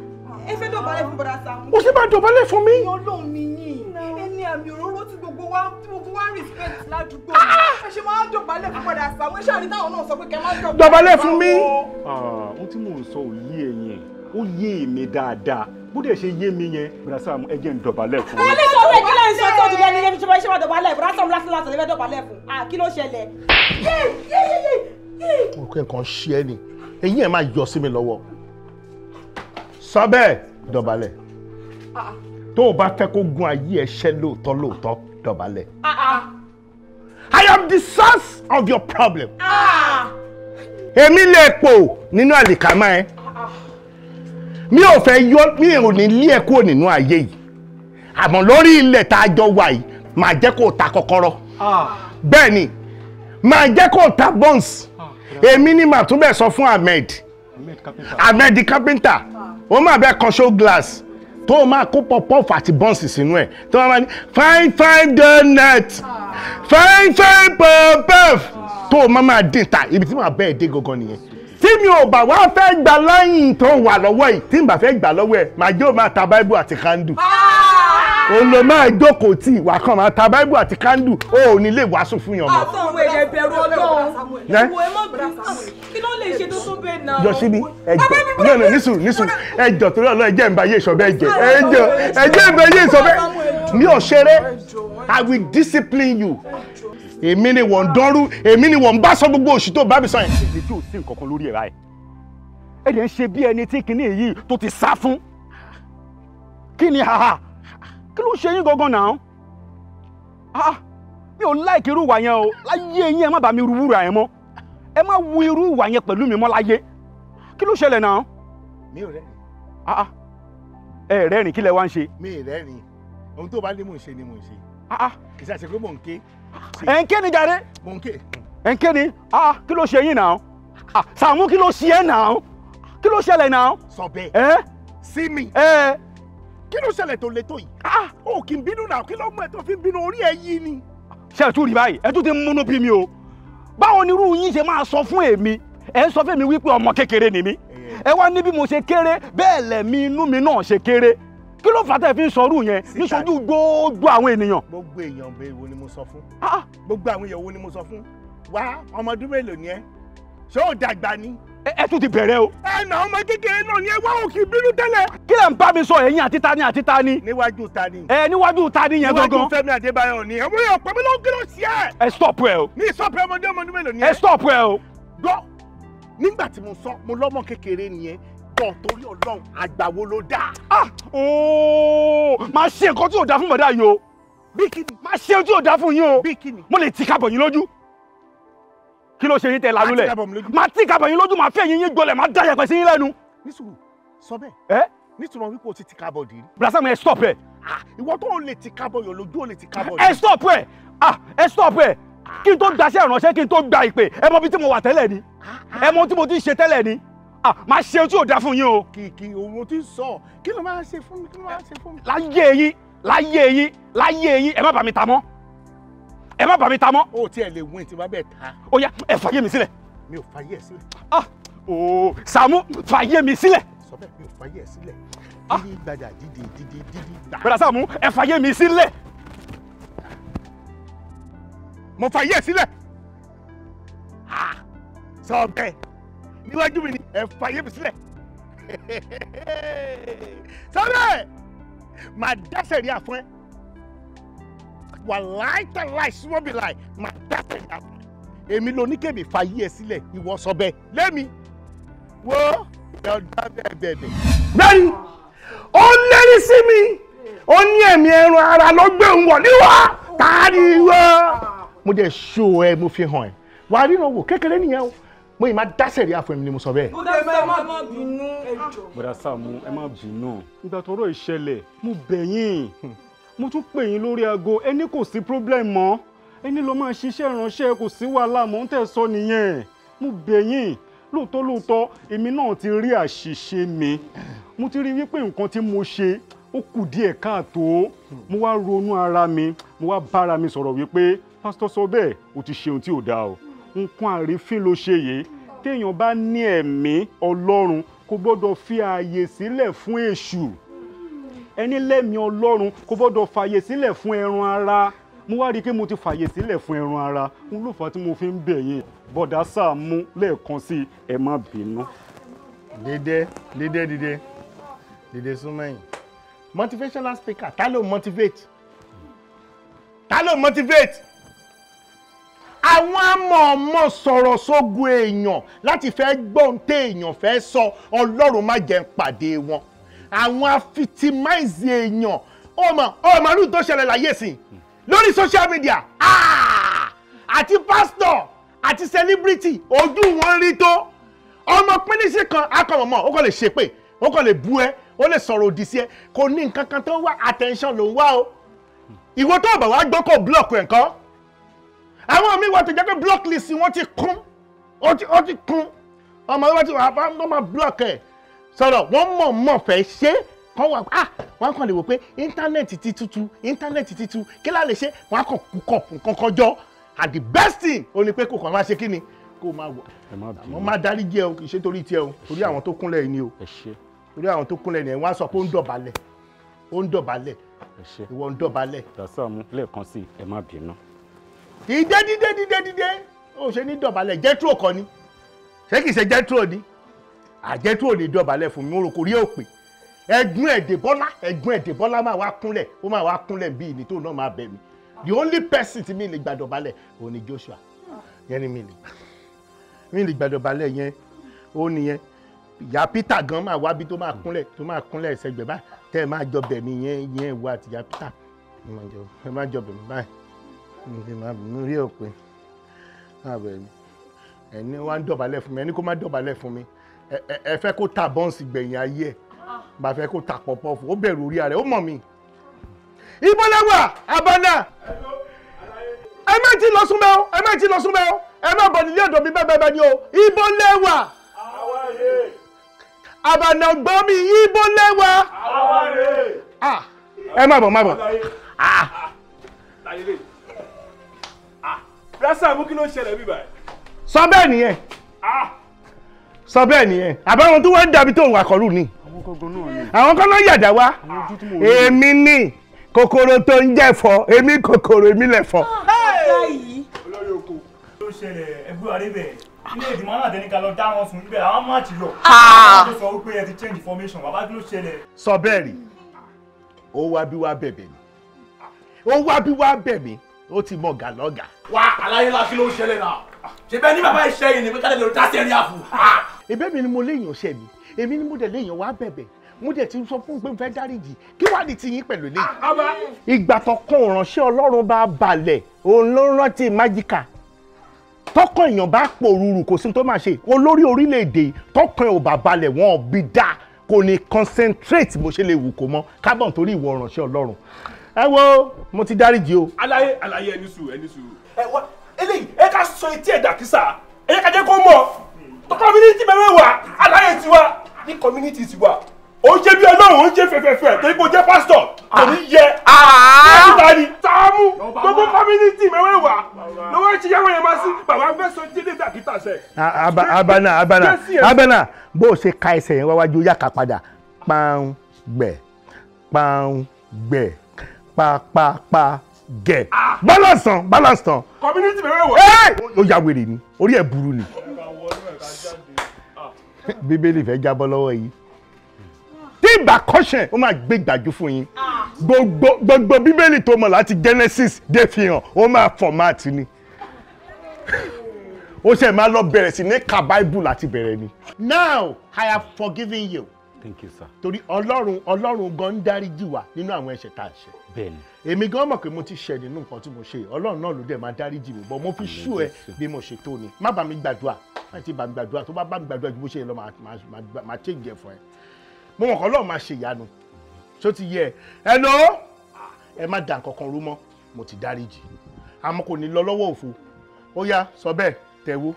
S3: ẹ fẹ́ dọ̀bálẹ̀ fún bọ̀dá Sàámú. o sì máa dọ̀bálẹ̀ fún mi. ìyọ́ lòun ni yín ẹni àmì òróró tí gbogbo wa gbogbo wa respect ládùúgbò ah! ẹ ṣe máa dọ̀bálẹ̀ fún bọ̀dá Sàámú ẹ ṣáà rí táwọn náà sọ pé kẹ́ máa dọ̀bálẹ̀. dọ̀bálẹ̀ fún mi.
S1: Ah, ohun tí mò ń sọ ò yé ẹ̀yin ó yé èmi dáadáa bó dẹ̀ ṣe yé mi yẹn bọ̀dá Sàámú ẹ jẹ́ ń dọ̀bálẹ̀ fún mi. ẹ ní
S3: sọ pé kí ló ń sọ tó ti lẹ́nu yẹn fi ṣe máa dọ̀bálẹ̀ bọ̀dá Sàámú lásán lásán lẹ́fẹ̀ẹ́ dọ̀bálẹ̀ fún ah, kí ló ṣẹlẹ̀.
S1: mo kẹ́ nǹkan ṣe é ni eyín ẹ̀ máa yọ sí mi lọ́wọ́ sọ bẹ́ẹ̀ ah, ah. tó o bá fẹ́ kó gun ayé ẹ̀ṣẹ̀ lóòótọ́ lóòótọ́ dọ̀bálẹ̀. Ah, I am the source of your problem. Èmi lè pò nínú àlìkámà ẹ. Mi ò fẹ́ yọ mi ò ní lé ẹ kúrò nínú ayé yìí. Àmọ́ lórí ilẹ̀ tá a jọ wà yìí, màá jẹ́ kó o ta kọ́kọ́rọ́. Bẹ́ẹ̀ ni, màá jẹ́ kó o ta bones. Èmi ni màá tún bẹ̀ sọ fún Ahmed. Ahmed carpenter ó máa bẹ́ẹ̀ kan show glass tó o máa kó pọ̀pọ̀fù àti bọ́ǹsì sínú ẹ̀ tó o máa ní fine fine donut fine fine pọ̀pọ̀f tó o máa máa dín ta ibi tí màá bẹ́ẹ̀ dé gangan nìyẹn tí mi ò bá wá fẹ́ gbà láyìn tó wà lọ́wọ́ yìí tí mi bá fẹ́ gbà lọ́wọ́ ẹ̀ màá jẹ́ òun máa ta báíbù àti kándù
S3: òun ló máa jókòó
S1: tí ìwà kan máa ta báíbù àti kándù ó ò ní lè wàásù fún yàn mọ́.
S3: àtàwọn èdè bẹ̀rù ọlọ́run ìwọ ẹ mọ̀ bí kí ló lè ṣe tó tó bẹ́ẹ̀ náà. yọ síbi
S1: ẹjọ náà nà nísù nísù ẹjọ torí ọlọ ẹjẹ ń ba yé ìṣọbẹ ẹjẹ ẹjọ ẹjẹ ń ba yé ìṣọbẹ mi ò i will discipline you èmi ni wọ́n ń dánrú èmi ni wọ́n ń bá sọ gbogbo òṣì tó bá mi sọ yẹn. èdè tí ò kí ló ń ṣe yín gangan náà ah mi ò láìkí irú ìwà yẹn o láyé yín ẹ má bàa mi ru wúrà yẹn mọ́ ẹ má wu irú ìwà yẹn pẹ̀lú mi mọ́ láyé kí ló ṣẹlẹ̀ náà. mi ò rẹ́rìn. Ah, ah ẹ rẹ́rìn kí lẹ wá ń ṣe. mi ì rẹ́rìn ohun tó bá ní mò ń ṣe ni mò ń ṣe. Ah, ah. kì í ṣe àṣepé mò ń ké. ẹ̀ ń ké ni jàre. mò ń ké. ẹ̀ ń ké ni ah kí ló ṣe yín náà Sàámú kí ló ṣe ẹ náà kí ló ṣẹlẹ̀ náà. sọ bẹ́ẹ̀ sí mi. ẹ kí ló ṣẹlẹ̀ tó le tó yìí ah o kì í bínú náà kí ló mú ẹ tó fi bínú orí ẹ yí ni. ṣé ẹ tún rí báyìí ẹ tún ti múnú bí mi o báwo ni irú yín ṣe máa sọ fún èmi ẹ ń sọ fún mi wípé ọmọ kékeré ni mí eh. ẹ wá ní bí mo ṣe kéré bẹ́ẹ̀ lẹ̀mí inú mi náà ṣe kéré kí ló fàtẹ́ fi ń sọrú yẹn níṣojú gbogbo àwọn ènìyàn. gbogbo èèyàn bẹ́ẹ̀ wo ni mo sọ fún. Ah. gbogbo àwọn èèyàn wo ni mo sọ fún. wá ọmọ mélòó ni ẹ ṣé ò dàgbà ni ẹ tún ti bẹ̀rẹ̀ o. ẹ nà ọmọ kékeré náà ni ẹ wá òkè bínú tẹ́lẹ̀. kí lẹ̀ ń bá mi sọ ẹ̀yin àti tani àti tani. níwájú tani. ẹ níwájú tani yẹn gangan. níwájú Fẹ́mi Adébáyọ̀ ni ẹ̀wọ́n yóò pẹ́ mi ló ń kí ló ẹ stop ẹ o. mi stop ọmọdé ọmọdé mélòó ni ẹ. stop ẹ o. gbọ́ nígbà tí mo sọ mo lọ́mọ kékeré nìyẹn pọ̀ torí ọlọ́run àgbàwo ló dá. Ah, ooo máa ṣe nǹkan tí ò dá fún bọ̀dá yìí o. bí kíni. máa ṣe kí ló ṣe yín tẹ lálúlẹ̀ máa tí kàbọ̀ yín lójú máa fẹ́ yín yín gbọ́lẹ̀ máa dá yẹpẹ̀ sí yín lẹ́nu. nísùrù sọ bẹ́ẹ̀ nítorí wípé o ti ti kàbọ̀ dì í. brasa mi ẹ stop ẹ. ìwọ tó ń lè ti kàbọ̀ yọ lójú ò lè ti kàbọ̀ dì í. ẹ stop ẹ ẹ stop ẹ kí n tó daṣẹ́ ìránṣẹ́ kí n tó gba ìpè ẹ mọ bí tí mo wà tẹ́lẹ̀ ni ẹ mọ tí mo ti ń ṣe tẹ́lẹ̀ ni máa ṣe ojú ò dá fún yín o. kìkì òun ti sọ kí ló máa ṣe fún mi kí ló máa ṣe fún mi. láyé yín láyé yín láyé yín ẹ má bà mí ta mọ́ ẹ má bà mí ta mọ́. o tiẹ̀ lè win tí wàá bẹ̀ ta. ó yá ẹ fàyè mi sílẹ̀. mi ò fàyè ẹ sílẹ̀. ah ooo Sàámú fàyè mi sílẹ̀. sọ bẹ́ẹ̀ mi ò fàyè ẹ sílẹ̀. Ah. dídí gbàjà dídí dídí dídí gbà. bẹ̀rẹ̀ Sàámú ẹ fàyè mi sílẹ̀. mo fàyè ẹ sílẹ̀. Ah, sọ bẹ́ẹ̀ níwájú mi ni ẹ fàyè mi sílẹ̀. sọ bẹ́ẹ̀ màá dáṣẹ̀ rí àfọ́n ẹ wàláì tàláì símọ́ bí láì máa dáṣẹ̀ ìyàtọ̀ èmi ló ní kèmí fa yí ẹ sílẹ̀ ìwọ sọ bẹ́ẹ̀ lẹ́mi wo ọ̀dà bẹ́ẹ̀bẹ́ẹ̀bẹ́. bẹ́ẹ̀ni ó ń lérí sí mi ó ní ẹ̀mí ẹran ara ló gbé òun wọ̀ níwọ̀ tààrí wọ́. mo jẹ́ ṣó ẹ mo fi hàn ẹ wàá rí ìrànwọ́ kékeré nìyẹn o mo ì máa dáṣẹ̀ rí àfọ̀ mi ni mo sọ bẹ́ẹ̀.
S3: bùdá sá má bínú.
S1: bùdá sá mu ẹ má bínú. ìgbà tó rọ ìṣẹ̀lẹ̀ mo bẹ̀yìn. Hmm mo tún pè yín lórí aago ẹni kò sí problem mọ́ ẹni ló máa ṣiṣẹ́ ìránṣẹ́ kò sí wàhálà mò ń tẹ̀ sọ nìyẹn mo bẹ̀ yín lóòótọ́ lóòótọ́ èmi náà ti rí àṣìṣe mi mo ti rí wípé nǹkan tí mo ṣe ó kù díẹ̀ káàtó mo wá ronú ara mi mo wá bára mi sọ̀rọ̀ wípé pásítọ̀ sọ bẹ́ẹ̀ o ti ṣe ohun tí ò dáa o nǹkan àrífín ló ṣe yìí téèyàn bá ní ẹ̀mí ọlọ́run kò gbọ́dọ̀ fi ààyè sílẹ̀ fún èṣù ẹni lẹ́mi ọlọ́run kò gbọ́dọ̀ fàyè sílẹ̀ fún ẹran ara mo wá rí i pé mo ti fàyè sílẹ̀ fún ẹran ara n ló fà á tí mo fi ń bẹ̀ yín bọ̀dá Sàámú lẹ́ẹ̀kan sí ẹ má bínú. dédé dédé dédé dédé súnmọ́yìn motivational speaker ta ló motivate ta ló motivate àwọn amọ̀ọ̀mọ̀ sọ̀rọ̀ sógun èèyàn láti fẹ́ gbọ́n téèyàn fẹ́ sọ ọlọ́run má jẹ́ pàdé wọn àwọn afitimáìsì èèyàn ọmọ ọmọ lù tó ṣẹlẹ̀ láyé sí lórí social media ah! àti pásítọ̀ àti celebrity ojú wọn rí tó ọmọ pínísì kan akọ̀mọ̀mọ̀ ó kàn lè ṣépè ó kàn lè bú ẹ ó lè sọ̀rọ̀ òdì sí ẹ kò ní nǹkan kan tó wá attention ló ń wá o ìwọ tó bá wá gbọ́ kó block ẹ̀ kọ́ àwọn míì wọ́n ti jẹ́ pé block list wọ́n ti kún ó ti kún ọmọ wọn ti wà á bá ń bọ́ máa block ẹ̀ sọ̀rọ̀ wọ́n mọ̀ mọ̀ fẹ́ ṣe kọ́ wà á ah, wọ́n kàn lè wò pé íńtánẹ́ẹ̀tì ti tutu íńtánẹ́ẹ̀tì ti tu kí láà lè ṣe wọ́n kàn kọ̀ nǹkan kan jọ and the best thing ó ní pé kò kàn máa ṣe kí ni kó máa wọ̀ àwọn máa dárí jẹ́ o kì í ṣe torí tiẹ̀ o torí àwọn tó kúnlẹ̀ yìí ni o torí àwọn tó kúnlẹ̀ yìí wọ́n á sọ pé ó ń dọ̀bálẹ̀ ó ń dọ̀bálẹ̀ ìwọ ń dọ̀bálẹ̀. dàsá mu lẹ́ẹ̀kan sí ẹ má bínú. dídé dídé dídé dídé ó ṣe ní dọ̀bálẹ̀ jẹ́túrò kọ́ ni àjẹtù ò lè dọ̀bálẹ̀ fún mi mo rò kò rí òpè ẹ̀gbọ́n ẹ̀dè bọ́lá ẹ̀gbọ́n ẹ̀dè bọ́lá máa wá kúnlẹ̀ ó máa wá kúnlẹ̀ bí ìní tó náà máa bẹ̀ mí the only person tí mi lè gbà dọ̀bálẹ̀ òun ni Joshua yẹn ni mi lè mi lè gbà dọ̀bálẹ̀ yẹn ó nìyẹn ìyá Peter gan máa wá bí tó máa kúnlẹ̀ tó máa kúnlẹ̀ ẹ̀sẹ̀gbẹ̀ báyìí tẹ́ ẹ máa jọ bẹ̀ mí yẹn yẹn ìwọ àti ìyá Peter ẹ máa jọ bẹ̀ mí báyìí ǹjẹ́ máa rí òpin ẹni wá ń dọ̀bálẹ̀ fún mi ẹni kó má dọ̀bálẹ̀ fún mi ẹ fẹ́ kó ta bọ́ǹsì gbẹ̀yìn ayé ẹ̀ bá fẹ́ kó ta pọ̀pọ̀ fún ó bẹ̀rù orí ara ẹ̀ ó mọ̀ mi. ìbọ́lẹ́wà abọ́nà ẹ má ti lọ súnmẹ́ o ẹ má ti lọ súnmẹ́ o ẹ má bọ̀ nílé ọ̀dọ̀ mi bẹ́ẹ̀ bẹ́ẹ̀ ni o ìbọ́lẹ́wà abọ́nà gbọ́ mi ìbọ́lẹ́wà ẹ má bọ̀ má bọ̀. rásà mú kí ló ṣẹlẹ̀ bíbá ẹ̀. sọ bẹ́ẹ̀ nìyẹn sọ bẹ́ẹ̀ nìyẹn eh, àbáwọn tó wá ń dàbí tó ń wà kọ́rù ni àwọn kan náà yàdá wa èmi ni kòkòrò tó ń jẹ̀fọ́ èmi kòkòrò èmi lẹ̀fọ́. Ah, olórí oko ló ṣẹlẹ̀ ẹgbẹ́ àríbẹ̀ ilé ìgbìmọ̀ aládẹ́ni ká lọ dá wọn sùn níbẹ̀ àwọn máàcì lọ. Ah. àwọn sọ wípé ẹ ti change formation bàbá kí ló ṣẹlẹ̀. sọ bẹ́ẹ̀ rí ó wá bí wá bẹ̀bẹ̀ ni ó wá bí wá bẹ̀ mí ó ti mọ̀ gàlọ́gà. wá aláyé la kí ló ń ṣẹlẹ̀ náà ṣe bẹ́ẹ̀ ní bàbá ìṣe yìí ni pé kálẹ̀ ló dá sẹ́rí àfù. ẹ̀bẹ̀ mi ni mo léèyàn ṣẹ mi èmi ni mo dẹ̀ léèyàn wá bẹ̀bẹ̀ mo dẹ̀ ti sọ fún pé mo fẹ́ dáríjì kí wàá di tiyín pẹ̀lú ilé. Ah, ìgbà tọkàn ìránṣẹ́ ọlọ́run bá balẹ̀ òun ló rántí májíkà tọkàn èèyàn bá pòrúurú kò sí tó máa ṣe olórí orílẹ̀-èdè tọkàn ò bá balẹ̀ wọn ò bí dáa kò ní concentrate bó ṣe lè wù kó mọ carbon torí ìwọ ìránṣẹ́ ọlọ́run ẹ wo mo ti dáríjì o. àlàyé àlàyé ẹni sùúrù ẹni sùúrù. ẹ wọ́n jẹ́ ká sọ etí ẹ̀dà kìsà ẹ jẹ́ ká jẹ́ kó mọ̀ tó community bẹ̀rẹ̀ wà aláyẹ̀ tiwa ní community tiwa ó jẹ́ bí ọlọ́run ó jẹ́ fẹ̀fẹ̀fẹ̀ torí kò jẹ́ pásítọ̀ kò ní yẹ ẹ̀ẹ́dá ni sáàmù gbogbo community mẹ́wẹ́ wà lọ́wọ́ ìṣe yẹ́wọ́ yẹn máa sí bàbá fẹ́ sọ jíde dàkítà sẹ̀. Ah, abana abana abana bó o ṣe ka ẹsẹ̀ yẹn wáwájú yàkà padà pàǹgbẹ̀ pàǹgbẹ̀ pàpàpà gẹ̀ balance tán balance community bẹ̀rẹ̀ wọ̀. ó ya wèrè ni orí ẹ̀ burú ni bíbélì fẹ́ jábọ́ lọ́wọ́ yìí tí ìgbà kọ́ṣẹ̀ ó máa gbé gbàjú fún yín gbogbo gbogbo bíbélì tó mọ̀ láti Genesis dé fi hàn ó máa fọ̀máàtì ni ó ṣe máa lọ bẹ̀rẹ̀ sí ní ka bible láti bẹ̀rẹ̀ ni. Now I have forgiven you thank you sir. torí ọlọ́run ọlọ́run gan ń dáríjì wá nínú àwọn ẹ̀ṣẹ̀ tá a ṣe. bẹ́ẹ̀ni. èmi gan mọ̀ pé mo ti ṣẹ̀ nínú nǹkan tí mo ṣe ọlọ́run náà ló dẹ̀ máa dáríjì mi bọ́ mo fi ṣú ẹ bí mo ṣe tó ni má bá mi gbàdúrà má ti bá mi gbàdúrà tó bá bá mi gbàdúrà ju bó ṣe lọ máa ṣe ìjẹ fún ẹ. mo mọ̀ kọ́ lọ́ọ̀ máa ṣe ìyanu tó ti yẹ ẹ lọ ẹ má dà nǹkan kan rú mọ́ mo ti dáríjì àmọ́ kò ní lọ lọ́wọ́ òfo ó yá sọ bẹ́ẹ̀ tẹ̀wó.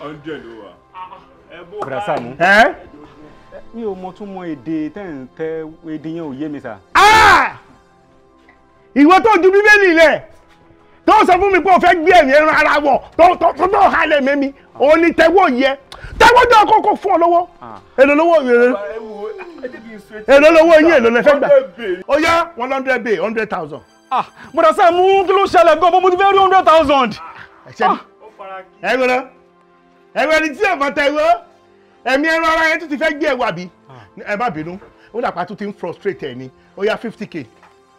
S1: hundred ó wà. ẹ bó ká ẹ mi ò mọ tún mọ èdè tẹ́ ń tẹ èdè yẹn ò yé mi sà. Ah! ìwọ tó ju bíbélì lẹ̀ tó sọ fún mi pé o fẹ́ gbé ẹ̀mí ẹran ara wọ̀ tó tó tó tó halẹ̀ mẹ́mi o ní tẹ́wọ́ yẹ tẹ́wọ́ jọ kókó fún ọ lọ́wọ́ èlò lọ́wọ́ èlò èlò lọ́wọ́ yín èlò lẹ́fẹ́ gbà ó yá one hundred bay hundred thousand. bùrọ̀ sẹ́ mú kí ló ṣẹlẹ̀ gan-an mo ti fẹ́ rí hundred thousand. ẹ ṣe ah. ẹ gbọ́dọ̀ ẹ gbọ́dọ̀ tí ẹ mọ̀ tẹ́wọ́ ẹ̀mí ẹ̀rọ ara yẹn tún ti fẹ́ gbé ẹ̀ wà bí ah. ẹ má bínú ó dàpá tún ti ń frustrate ẹ̀ ni ó yá fifty k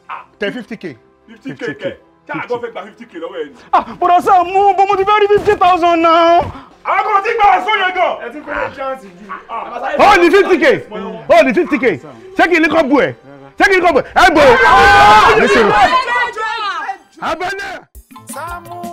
S1: ah. tẹ fifty k. fifty k kẹ tí àgọ́ fẹ́ gba fifty k lọ́wọ́ ẹ ni. Ah, bọ̀dọ̀ sọ mú bó mo ti fẹ́ rí fifty thousand náà. àgọ́ ti gbà sóyè gan. ẹ ti fẹ́ chance ju. ó ní fifty k ó ní fifty k ṣé kí n ní kọ́ bu ẹ̀ ṣé kí n ní kọ́ bu ẹ̀ ẹ̀ bò ó.
S3: abẹ́lẹ̀.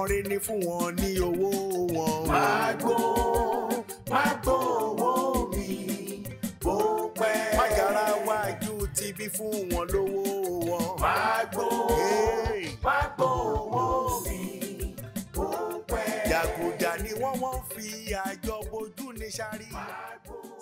S1: ọkùnrin ní fún wọn ní owó wọn. Magbo, magbo owó mi, bó pẹ́. Má yàrá wájú ti bí fún wọn lówó wọn. Magbo, magbo owó mi, bó pẹ́. Jàgùjà ni wọ́n wọ́n fi àjọ bojú ní sáré. Magbo.